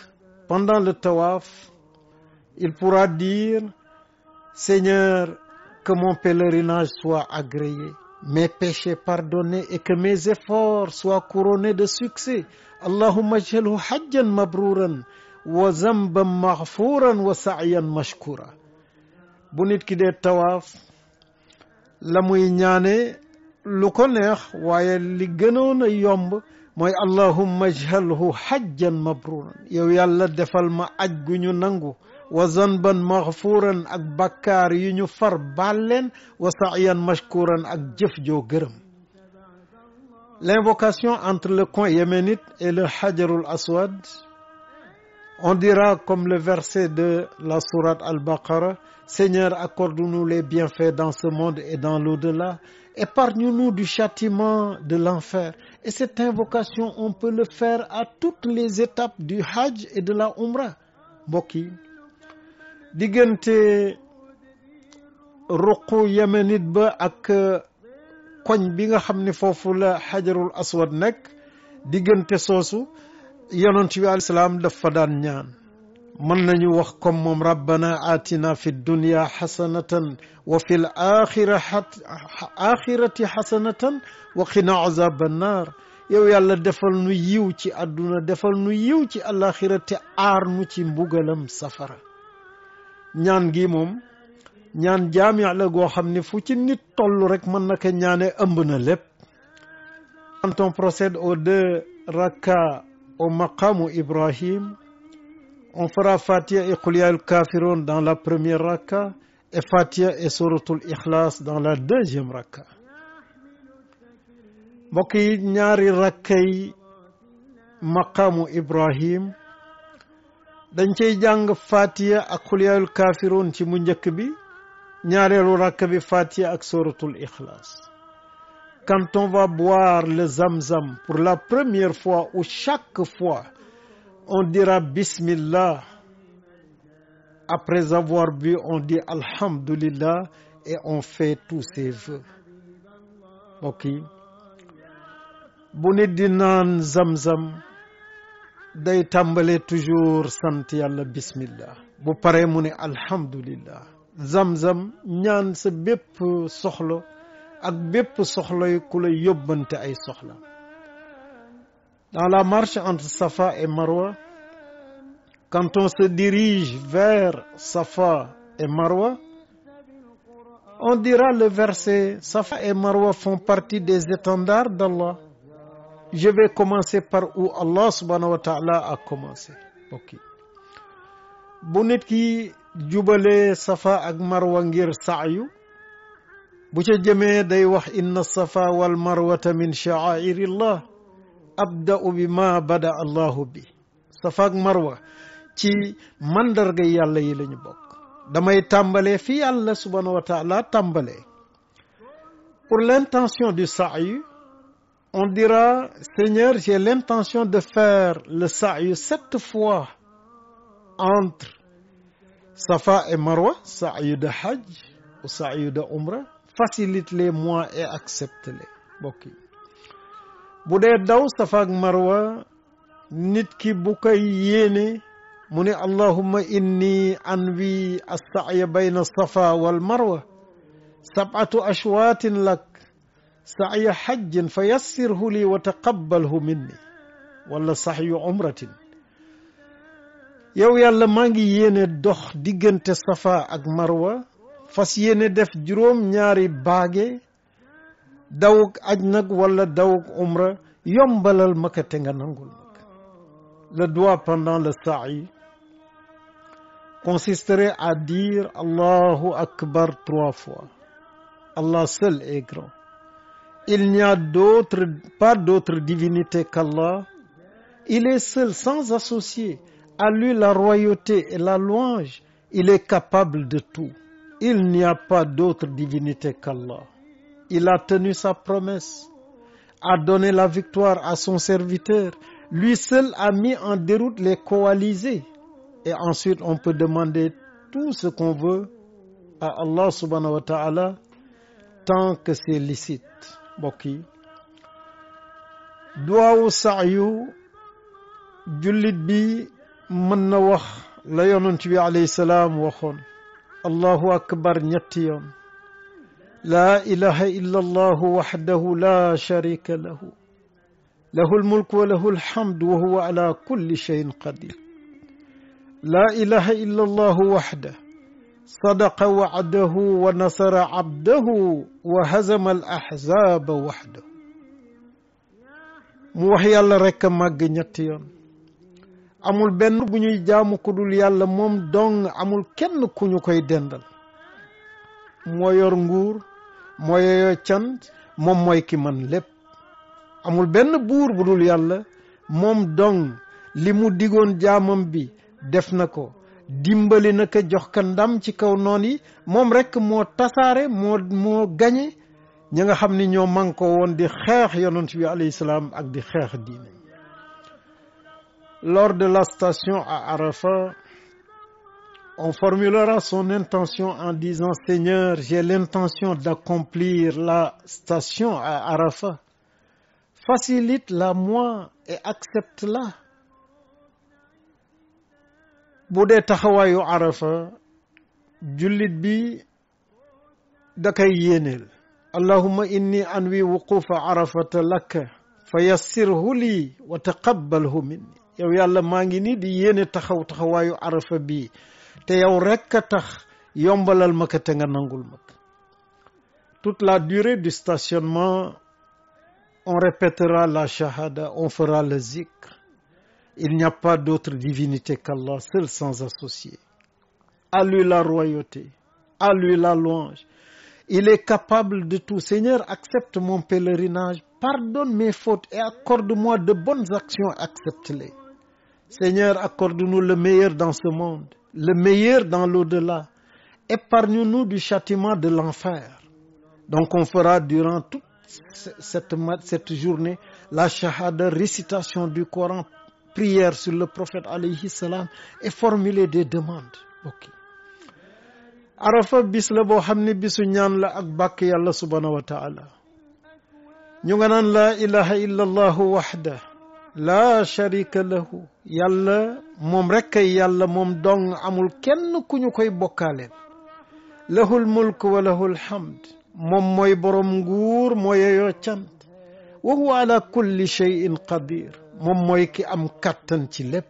pendant le tawaaf il pourra dire Seigneur que soit agréé mes péchés pardonnés et que mes efforts soient couronnés de succès allahumma aj'alhu hajjan mabruran wa zamban maghfuran wa sa'yan mashkura bu nit ki dee tawaaf la muy ñaane lu ko neex waaye li gënoon a yomb mooy allahumma aj'alhu hajjan mabruran yow yàlla defal ma aj gu ñu nangu wa zanban maxfuuran ak bakkaar yu ñu far baal leen wa sa'yan mashkuuran ak jëf joo l'invocation entre le coin yéménite et le hajarul aswad on dira comme le verset de la sourate al-Baqarah Seigneur accorde-nous les bienfaits dans ce monde et dans le delà épargne-nous du châtiment de l'enfer et cette invocation on peut le faire à toutes les étapes du hajj et de la umra mbokk diggante ruqu nit ba ak uh, koñ bi nga xam ni foofu la xajarul aswad nekk diggante soosu yonent bi alayhi salaam dafa daan ñaan mën nañu wax comme moom rabbana atina fi dunya xasanatan wa fi l axira axirati xasanatan wa qina azaba annar yow yàlla defal nu yiw ci àdduna defal nu yiw ci alaxira te aar nu ci mbugalam safara ñaan gi moom ñaan jaami la goo xam ni fu ci ni toll rek mën na ko ñaane ëmb na lépp quand on procède aux deux raka au maqamu Ibrahim on fera Fatiha et Qul kafirun dans la première raka et Fatiha et suratul Ikhlas dans la deuxième raka mbokk ñaari rakkay maqamu Ibrahim dañ cey jàng fatiya ak xulyaayul kaafiruun ci mu njëkk bi ñaareelu rakk bi fatiya ak suratul ixlaas quand va boire le zamzam pour la première fois ou chaque fois on dira bismillah après avoir bu on dit alhamdulillah et on fait tous ses vœux day tàmbalee toujours sant yàlla bismillah bu pare mu ne alhamdulillah zam-zam ñaan sa bépp soxla ak bépp soxla yi ku la yóbbante ay soxla dans la marche entre Safa et Marwa quand on se dirige vers Safa et Marwa on dira le verset Safa et Marwa font partie des étendards d'Allah je vais commencer par où Allah subhanahu wa a commencé bu nit ki jubale safa ak marwa ngir saayu bu ca jëmee day wax inna safa wal marwata min sha'airillah abda'u bi ma bada allahu bi safa ak marwa ci mandarga yàlla yi lañu bokk damay tàmbalee fi yàlla subhanahu wa taala tàmbalee l'intention du saayu on dira Seigneur j'ai l'intention de faire le sa'yu sept fois entre Safa et Marwa sa'yu de hajj ou sa'yu de umra facilite-les-moi et accepte-les mbokk bu dee daw Safa ak Marwa nit ki bu koy yéene mu ne allahumma inni anwi as-sa'ya bayna Safa wal Marwa sab'atu ashwatin lak sa'ya xajjin fa yassirhu lii wa taqabbalhu minni wala sa'yu umratin yow yàlla maa ngi yéene dox diggante safa ak marwa fas yéene def juróom ñaari baage dawug aj nag wala daw umra yombalal ma ko nga nangul ma ko le dua pendant le sa'i consisterait à dire Allahu akbar trois fois Allah seul est Il n'y a pas d'autre divinité qu'Allah. Il est seul, sans associé. À lui la royauté et la louange. Il est capable de tout. Il n'y a pas d'autre divinité qu'Allah. Il a tenu sa promesse, a donné la victoire à son serviteur. Lui seul a mis en déroute les coalisés. Et ensuite, on peut demander tout ce qu'on veut à Allah subhanahu tant que c'est licite. mbokk yi duwaawu sax jullit bi mën na wax la yonent bi alayhi salaam waxoon allahu akbar ñetti yoon laa ilaha illa allahu waxdahu laa sharika lahu lahu almulk wa lahu alhamd wa huwa ala kulli sadaqa wa'dahu wa nasara abdahu wa hazama al ahzaaba mu wax yàlla rekk a màgg ñetti yoon amul benn bu ñuy jaamu ku dul yàlla moom dong amul kenn ku ñu koy dendal moo yor nguur moo yeyoo cant moom mooy ki man lépp amul benn buur bu dul yàlla moom dong li mu digoon jaamam bi def na ko dimbali na ko jox ko ndam ci kaw noon yi moom rek moo tasaare moo moo gañe ñi nga xam ni ñoo man ko woon di xeex yonent bi alayhi salaam ak di xeex diine lors de la station à Arafat on formulera son intention en disant Seigneur j'ai l'intention d'accomplir la station à Arafat facilite-la moi et accepte-la bu dee taxawaayu arafa jullit bi da kay yéeneel allahuma inni anwi wuqufa arafata lakka fa yassirhu lii wa taqabbalhu minni yow yàlla maa ngi nii di yéene taxaw taxawaayu arafa bi te yow rekk tax yombalal ma ko te nga nangul ma ko la durée du stationnement on répétera la shahada on fera le zikr Il n'y a pas d'autre divinité qu'Allah, seul sans associé. À lui la royauté, à lui la louange. Il est capable de tout. Seigneur, accepte mon pèlerinage, pardonne mes fautes et accorde-moi de bonnes actions, accepte-les. Seigneur, accorde-nous le meilleur dans ce monde, le meilleur dans l'au-delà. Épargne-nous du châtiment de l'enfer. Donc on fera durant toute cette journée la shahada récitation du Coran prière sur le prophète alayhi salaam et formuler des demandes bokk yi arafa bis la boo xam ne bisu ñaan la ak bàkk yàlla subhanahu wa taala ñu nga naan laa ilaha illa allahu waxda laa sharika lahu yàlla moom rekk ay yàlla moom dong amul kenn ku ñu koy bokkaaleen lahul mulk wa lahul moom mooy boroom nguur mooy yeyoo cant wa huwa ala kulli shay'in qadir moom mooy ki am kàttan ci lépp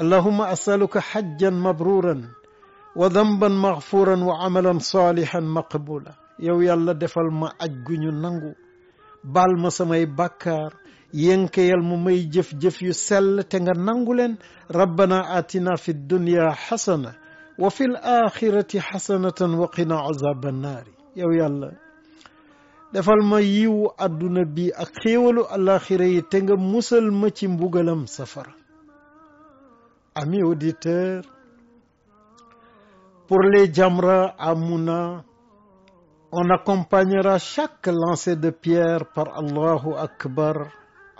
allahuma asaluka xajjan mabruran wa damban maxfuran wa amalan saalihan maqbula yow yàlla defal ma aj gu ñu nangu baal ma samay bàkkaar yénkeyal mu may jëf-jëf yu sell te nga nangu leen rabbana atina fi dunya xasana wa fi l axirati xasanatan wa qina azaba annaari yow yàlla defal ma yiwu àdduna bi ak xéewalu àllaaxira yi te nga musal ma ci mbugalam safara amis auditeurs pour les Jamra à Mouna on accompagnera chaque lancer de pierre par Allahu Akbar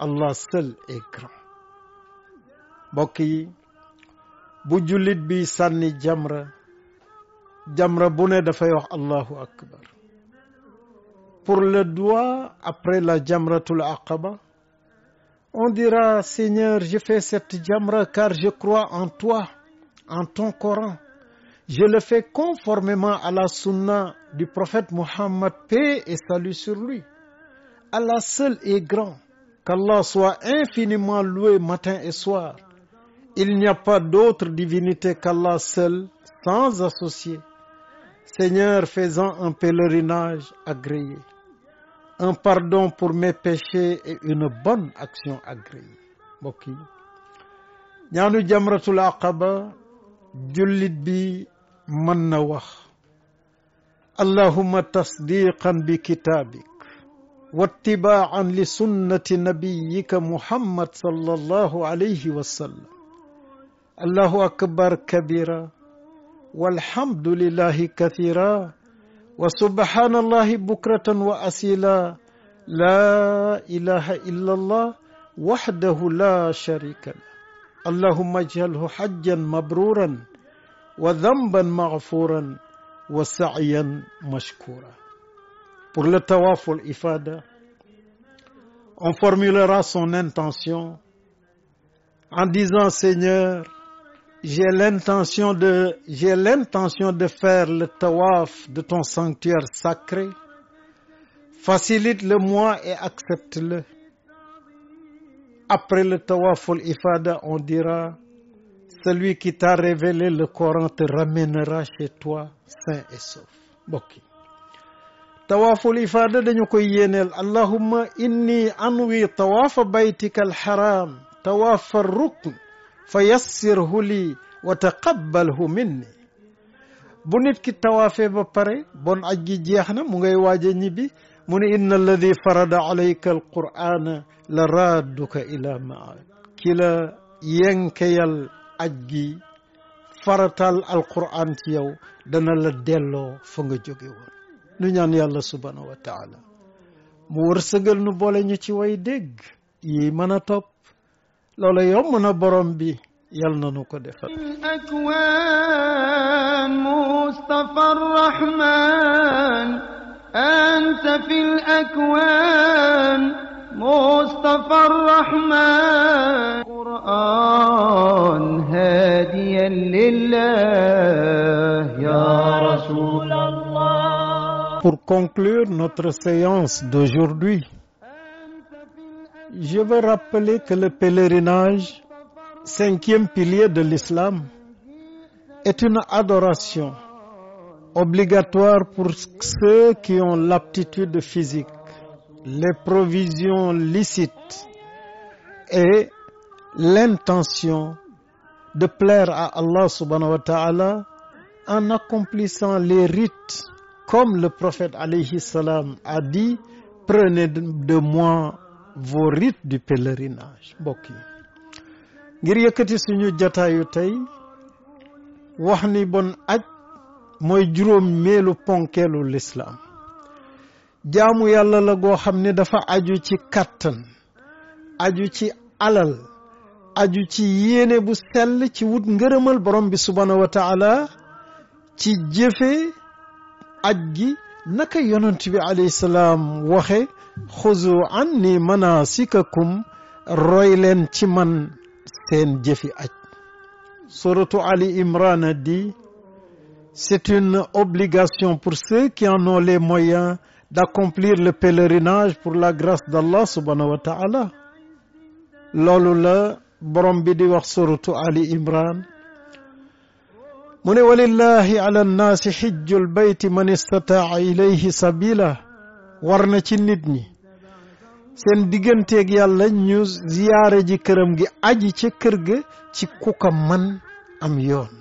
Allah seul est grand yi bu jullit bi sànni jamra jamra bu ne dafay wax Allahu Akbar pour le doigt après la Jamratul Aqaba on dira Seigneur je fais cette Jamra car je crois en toi en ton Coran je le fais conformément à la sunna du prophète Muhammad paix et salut sur lui Allah seul est grand qu'Allah soit infiniment loué matin et soir il n'y a pas d'autre divinité qu'Allah seul sans associé Seigneur, faisons un pèlerinage agréé. un pardon pour mes péchés et une bonne action agréée mbokk yi ñaanu jamratul aqaba jullit bi mën na wax allahumma tasdiqan bi kitaabik wattibaan li sunnati nabiyika muhammad sallallahu alayhi wa sallam allahu akbar kabira walhamdulillahi kathira wa subhanallahi bukratan wa asila laa ilaha illa allah wahdahu la sharika lah allahumma ajalhu hajjan mabruran wa dhanban maghfuran wa sa'yan mashkura pour le tawaf wal ifada on formulera son intention en disant Seigneur j'ai l'intention de j'ai de faire le tawaf de ton sanctuaire sacré facilite-le-moi et accepte-le après le tawaful ifada on dira celui qui t'a révélé le Coran te ramènera chez toi sain et sauf mbokki tawaful dañu koy yéeneel allahumma inni anwi tawafa baytika alharam tawafa rukn fa yassirhu lii wa taqabbalhu minni bu nit ki tawaafee ba pare bon aj gi jeex na mu ngay waaja ñibbi mu ne inna alladi farada alayka alqur'ana la raadduka ila maad ki la yenkeyal aj gi faratal alqur'an ci yow dana la delloo fa nga jóge woon nu ñaan yàlla subhaanahu wa taala mu wërsëgal nu boole ñu ci way dégg yi mën a topp loola yomb na borom bi yal na nu ko defal akwaan mustafa arrahman anta fi akwaan mustafa arrahman quran hadiyan lillah ya rasul allah pour conclure notre séance d'aujourd'hui Je veux rappeler que le pèlerinage, cinquième pilier de l'islam, est une adoration obligatoire pour ceux qui ont l'aptitude physique, les provisions licites et l'intention de plaire à Allah subhanahu wa ta'ala en accomplissant les rites comme le prophète alayhi salam a dit prenez de moi vos rites du pèlerinage mbokk yi ngir yëkkati suñu jataayu tey wax ni bon aj mooy juróom meelu ponkeelu lislaam jaamu yàlla la goo xam ne dafa aju ci kàttan aju ci alal aju ci yéene bu sell ci wut ngërëmal borom bi subhaanahu ci jëfe aj gi naka yonent bi alayhi salaam waxe xuzu anni manasikakum roy leen ci man seen jëfi aj suratu Ali Imran a c'est une obligation pour ceux qui en ont les moyens d'accomplir le pèlerinage pour la grâce d'Allah subhanahu wa ta'ala loolu la di wax suratu Ali Imran mu ne walillahi ala nnaasi xijju lbayti man istataa ilayhi sabila war na ci nit ñi seen digganteeg yàlla ñu ziyaare ji këram gi aji ci kër gi ci ku man am yoon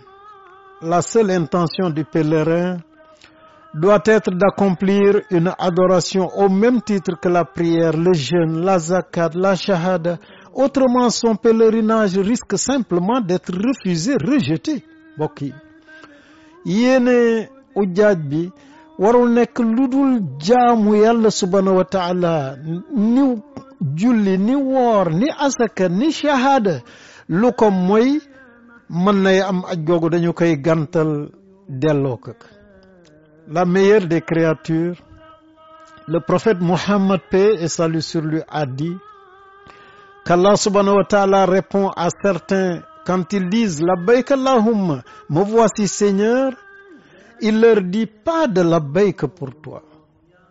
la seule intention du pèlerin doit être d'accomplir une adoration au même titre que la prière le jeûne la zakat la shahada autrement son pèlerinage risque simplement d'être refusé rejeté mbokk yi yéene ujaaj bi warul nekk lu dul jaamu yàlla subhaanahu wa ni julli ni woor ni asaka ni shahada lu ko moy mën nay am aj googu dañu koy gantal delloo ko la meilleure des créatures le prophète Mohammed paix et salut sur lui a dit qu'Allah subhanahu répond à certains quand ils disent labbayk Allahumma me voici Seigneur Il leur dit pas de labbayk pour toi.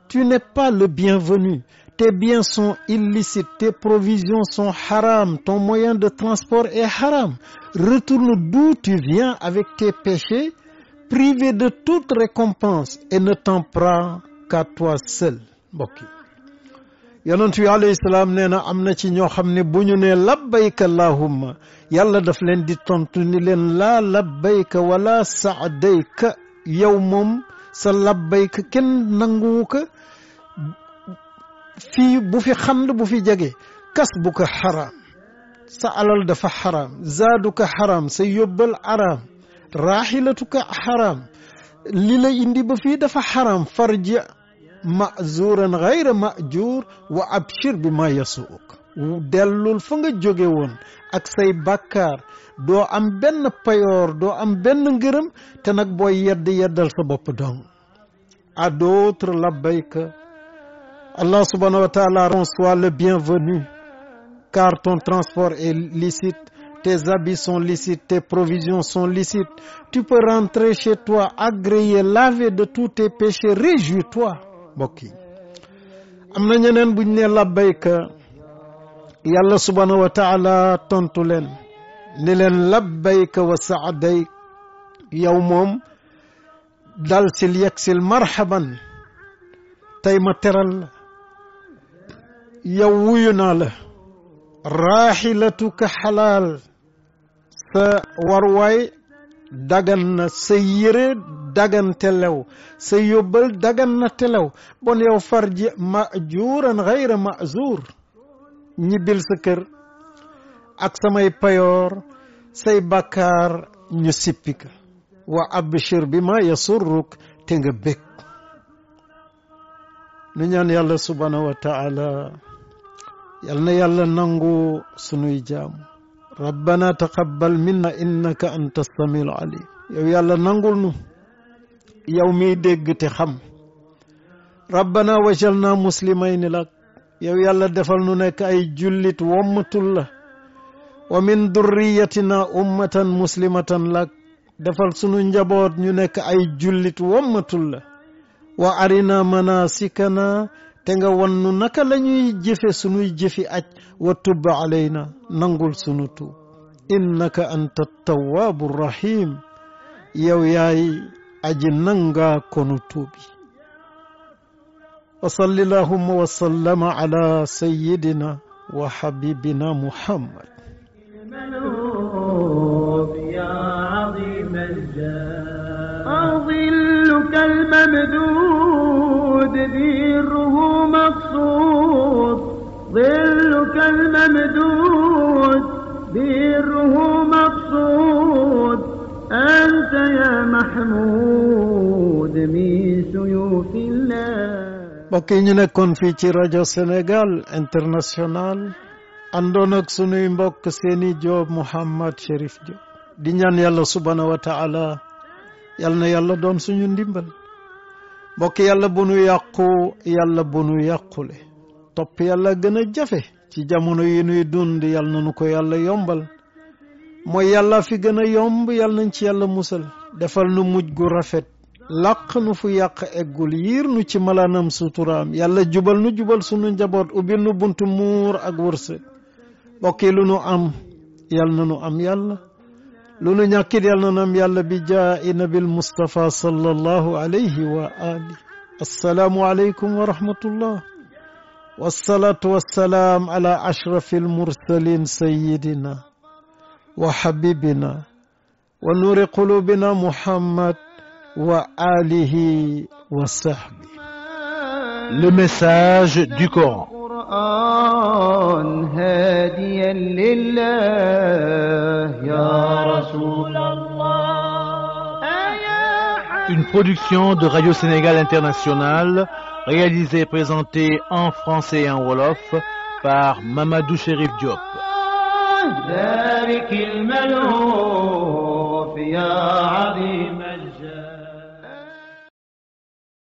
Tu n'es pas le bienvenu. Tes biens sont illicites, tes provisions sont haram, ton moyen de transport est haram. Retourne d'où tu viens avec tes péchés, privé de toute récompense et ne t'en prends qu'à toi seul. mbokk yi yonent yi alayhi salaam na am na ci ñoo xam ne bu ñu nee labbayka allahumma yàlla daf leen di tontu ni leen la labbayka wala saadayka yow moom sa labbayka kenn nangu ka fii bu fi xaml bu fi jege kas bu ko xaraam sa alal dafa xaraam zaadu ko xaraam sa yóbbal araam raaxilatu ko xaraam li indi ba fii dafa xaraam farji mazuran gayra majur wa ab bi ma yasuuk dellul fa nga jóge woon ak say bàkkaar doo am benn payoor doo am benn ngërëm te nag booy yedd yeddal sa bopp dong à d'autres labbayka Allah subhanahu wa ta'ala reçoit le bienvenu car ton transport est licite tes habits sont licites tes provisions sont licites tu peux rentrer chez toi agréé lavé de tous tes péchés réjouis-toi mbokk yi am na ñeneen buñ ne labbayka yàlla subhaanahu wa taala tontu leen ni leen labbayka wa saadayk yow moom dal sil yegg sil tey ma teral la yow wuyu naa la raaxilatuka xalaal sa warwaay dagan na sa dagan telew sa yóbbal dagan na bon yow far ji majuuran xayra ñibbil sa kër ak samay payoor say bàkkaar ñu sippi ka wa abshir bi ma yasurruk te nga bég nu ñaan yàlla subhaanahu wa taala yal na yàlla nangu sunuy jaamu rabbana taqabbal minna innaka anta samiul alim yow yàlla nangul nu yow miy dégg te xam rabbana wajalna muslimayni lak yow yàlla defal nu nekk ay jullit wommatul la wa min durriyatina ummatan muslimatan lak defal sunu njaboot ñu nekk ay jullit wommatul la wa arina manasikana te nga wan naka la ñuy jëfe sunuy jëfi aj wa tubb alayna nangul sunu tuub innaka anta tawaabu rahim yow yaay aji nanga konu tuubi وصل اللهم وسلم على سيدنا وحبيبنا محمد يا عظيم الجاه أظلك الممدود ديره مقصود ظلك الممدود ديره مقصود أنت يا محمود من سيوف الله mbokk yi ñu nekkoon fii ci rajo Sénégal international àndoon ak sunuy mbokk seeni Joob Mouhammad Chérif Joob di ñaan yàlla subhaanahu wa taala na yàlla doon suñu ndimbal mbokk yàlla bu nu yàqu yàlla bu nu yàqule topp yàlla gën a jafe ci jamono yi nuy dund yal na nu ko yàlla yombal mooy yàlla fi gën a yomb yal nañ ci yàlla musal defal nu mujj gu rafet làq nu fu yàq eggul yiir nu ci malaanam suturaam yàlla jubal nu jubal sunu njaboot ubbil nu buntu muur ak wërsëg mbokk yi lu nu am yàlla na nu am yàlla lu nu ñàkkit yàlla na nu am yàlla bi jaa i nabil Mustafa sallallahu alayhi wa ali assalaamu aleykum wa rahmatullah wasalaatu wasalaam ala ashrafi almursalin sayidina wa xabibina wa nuuri qulubina muhammad wa alihi wa sahbi. Le message du Coran. Une production de Radio Sénégal International réalisée et présentée en français et en wolof par Mamadou Chérif Diop.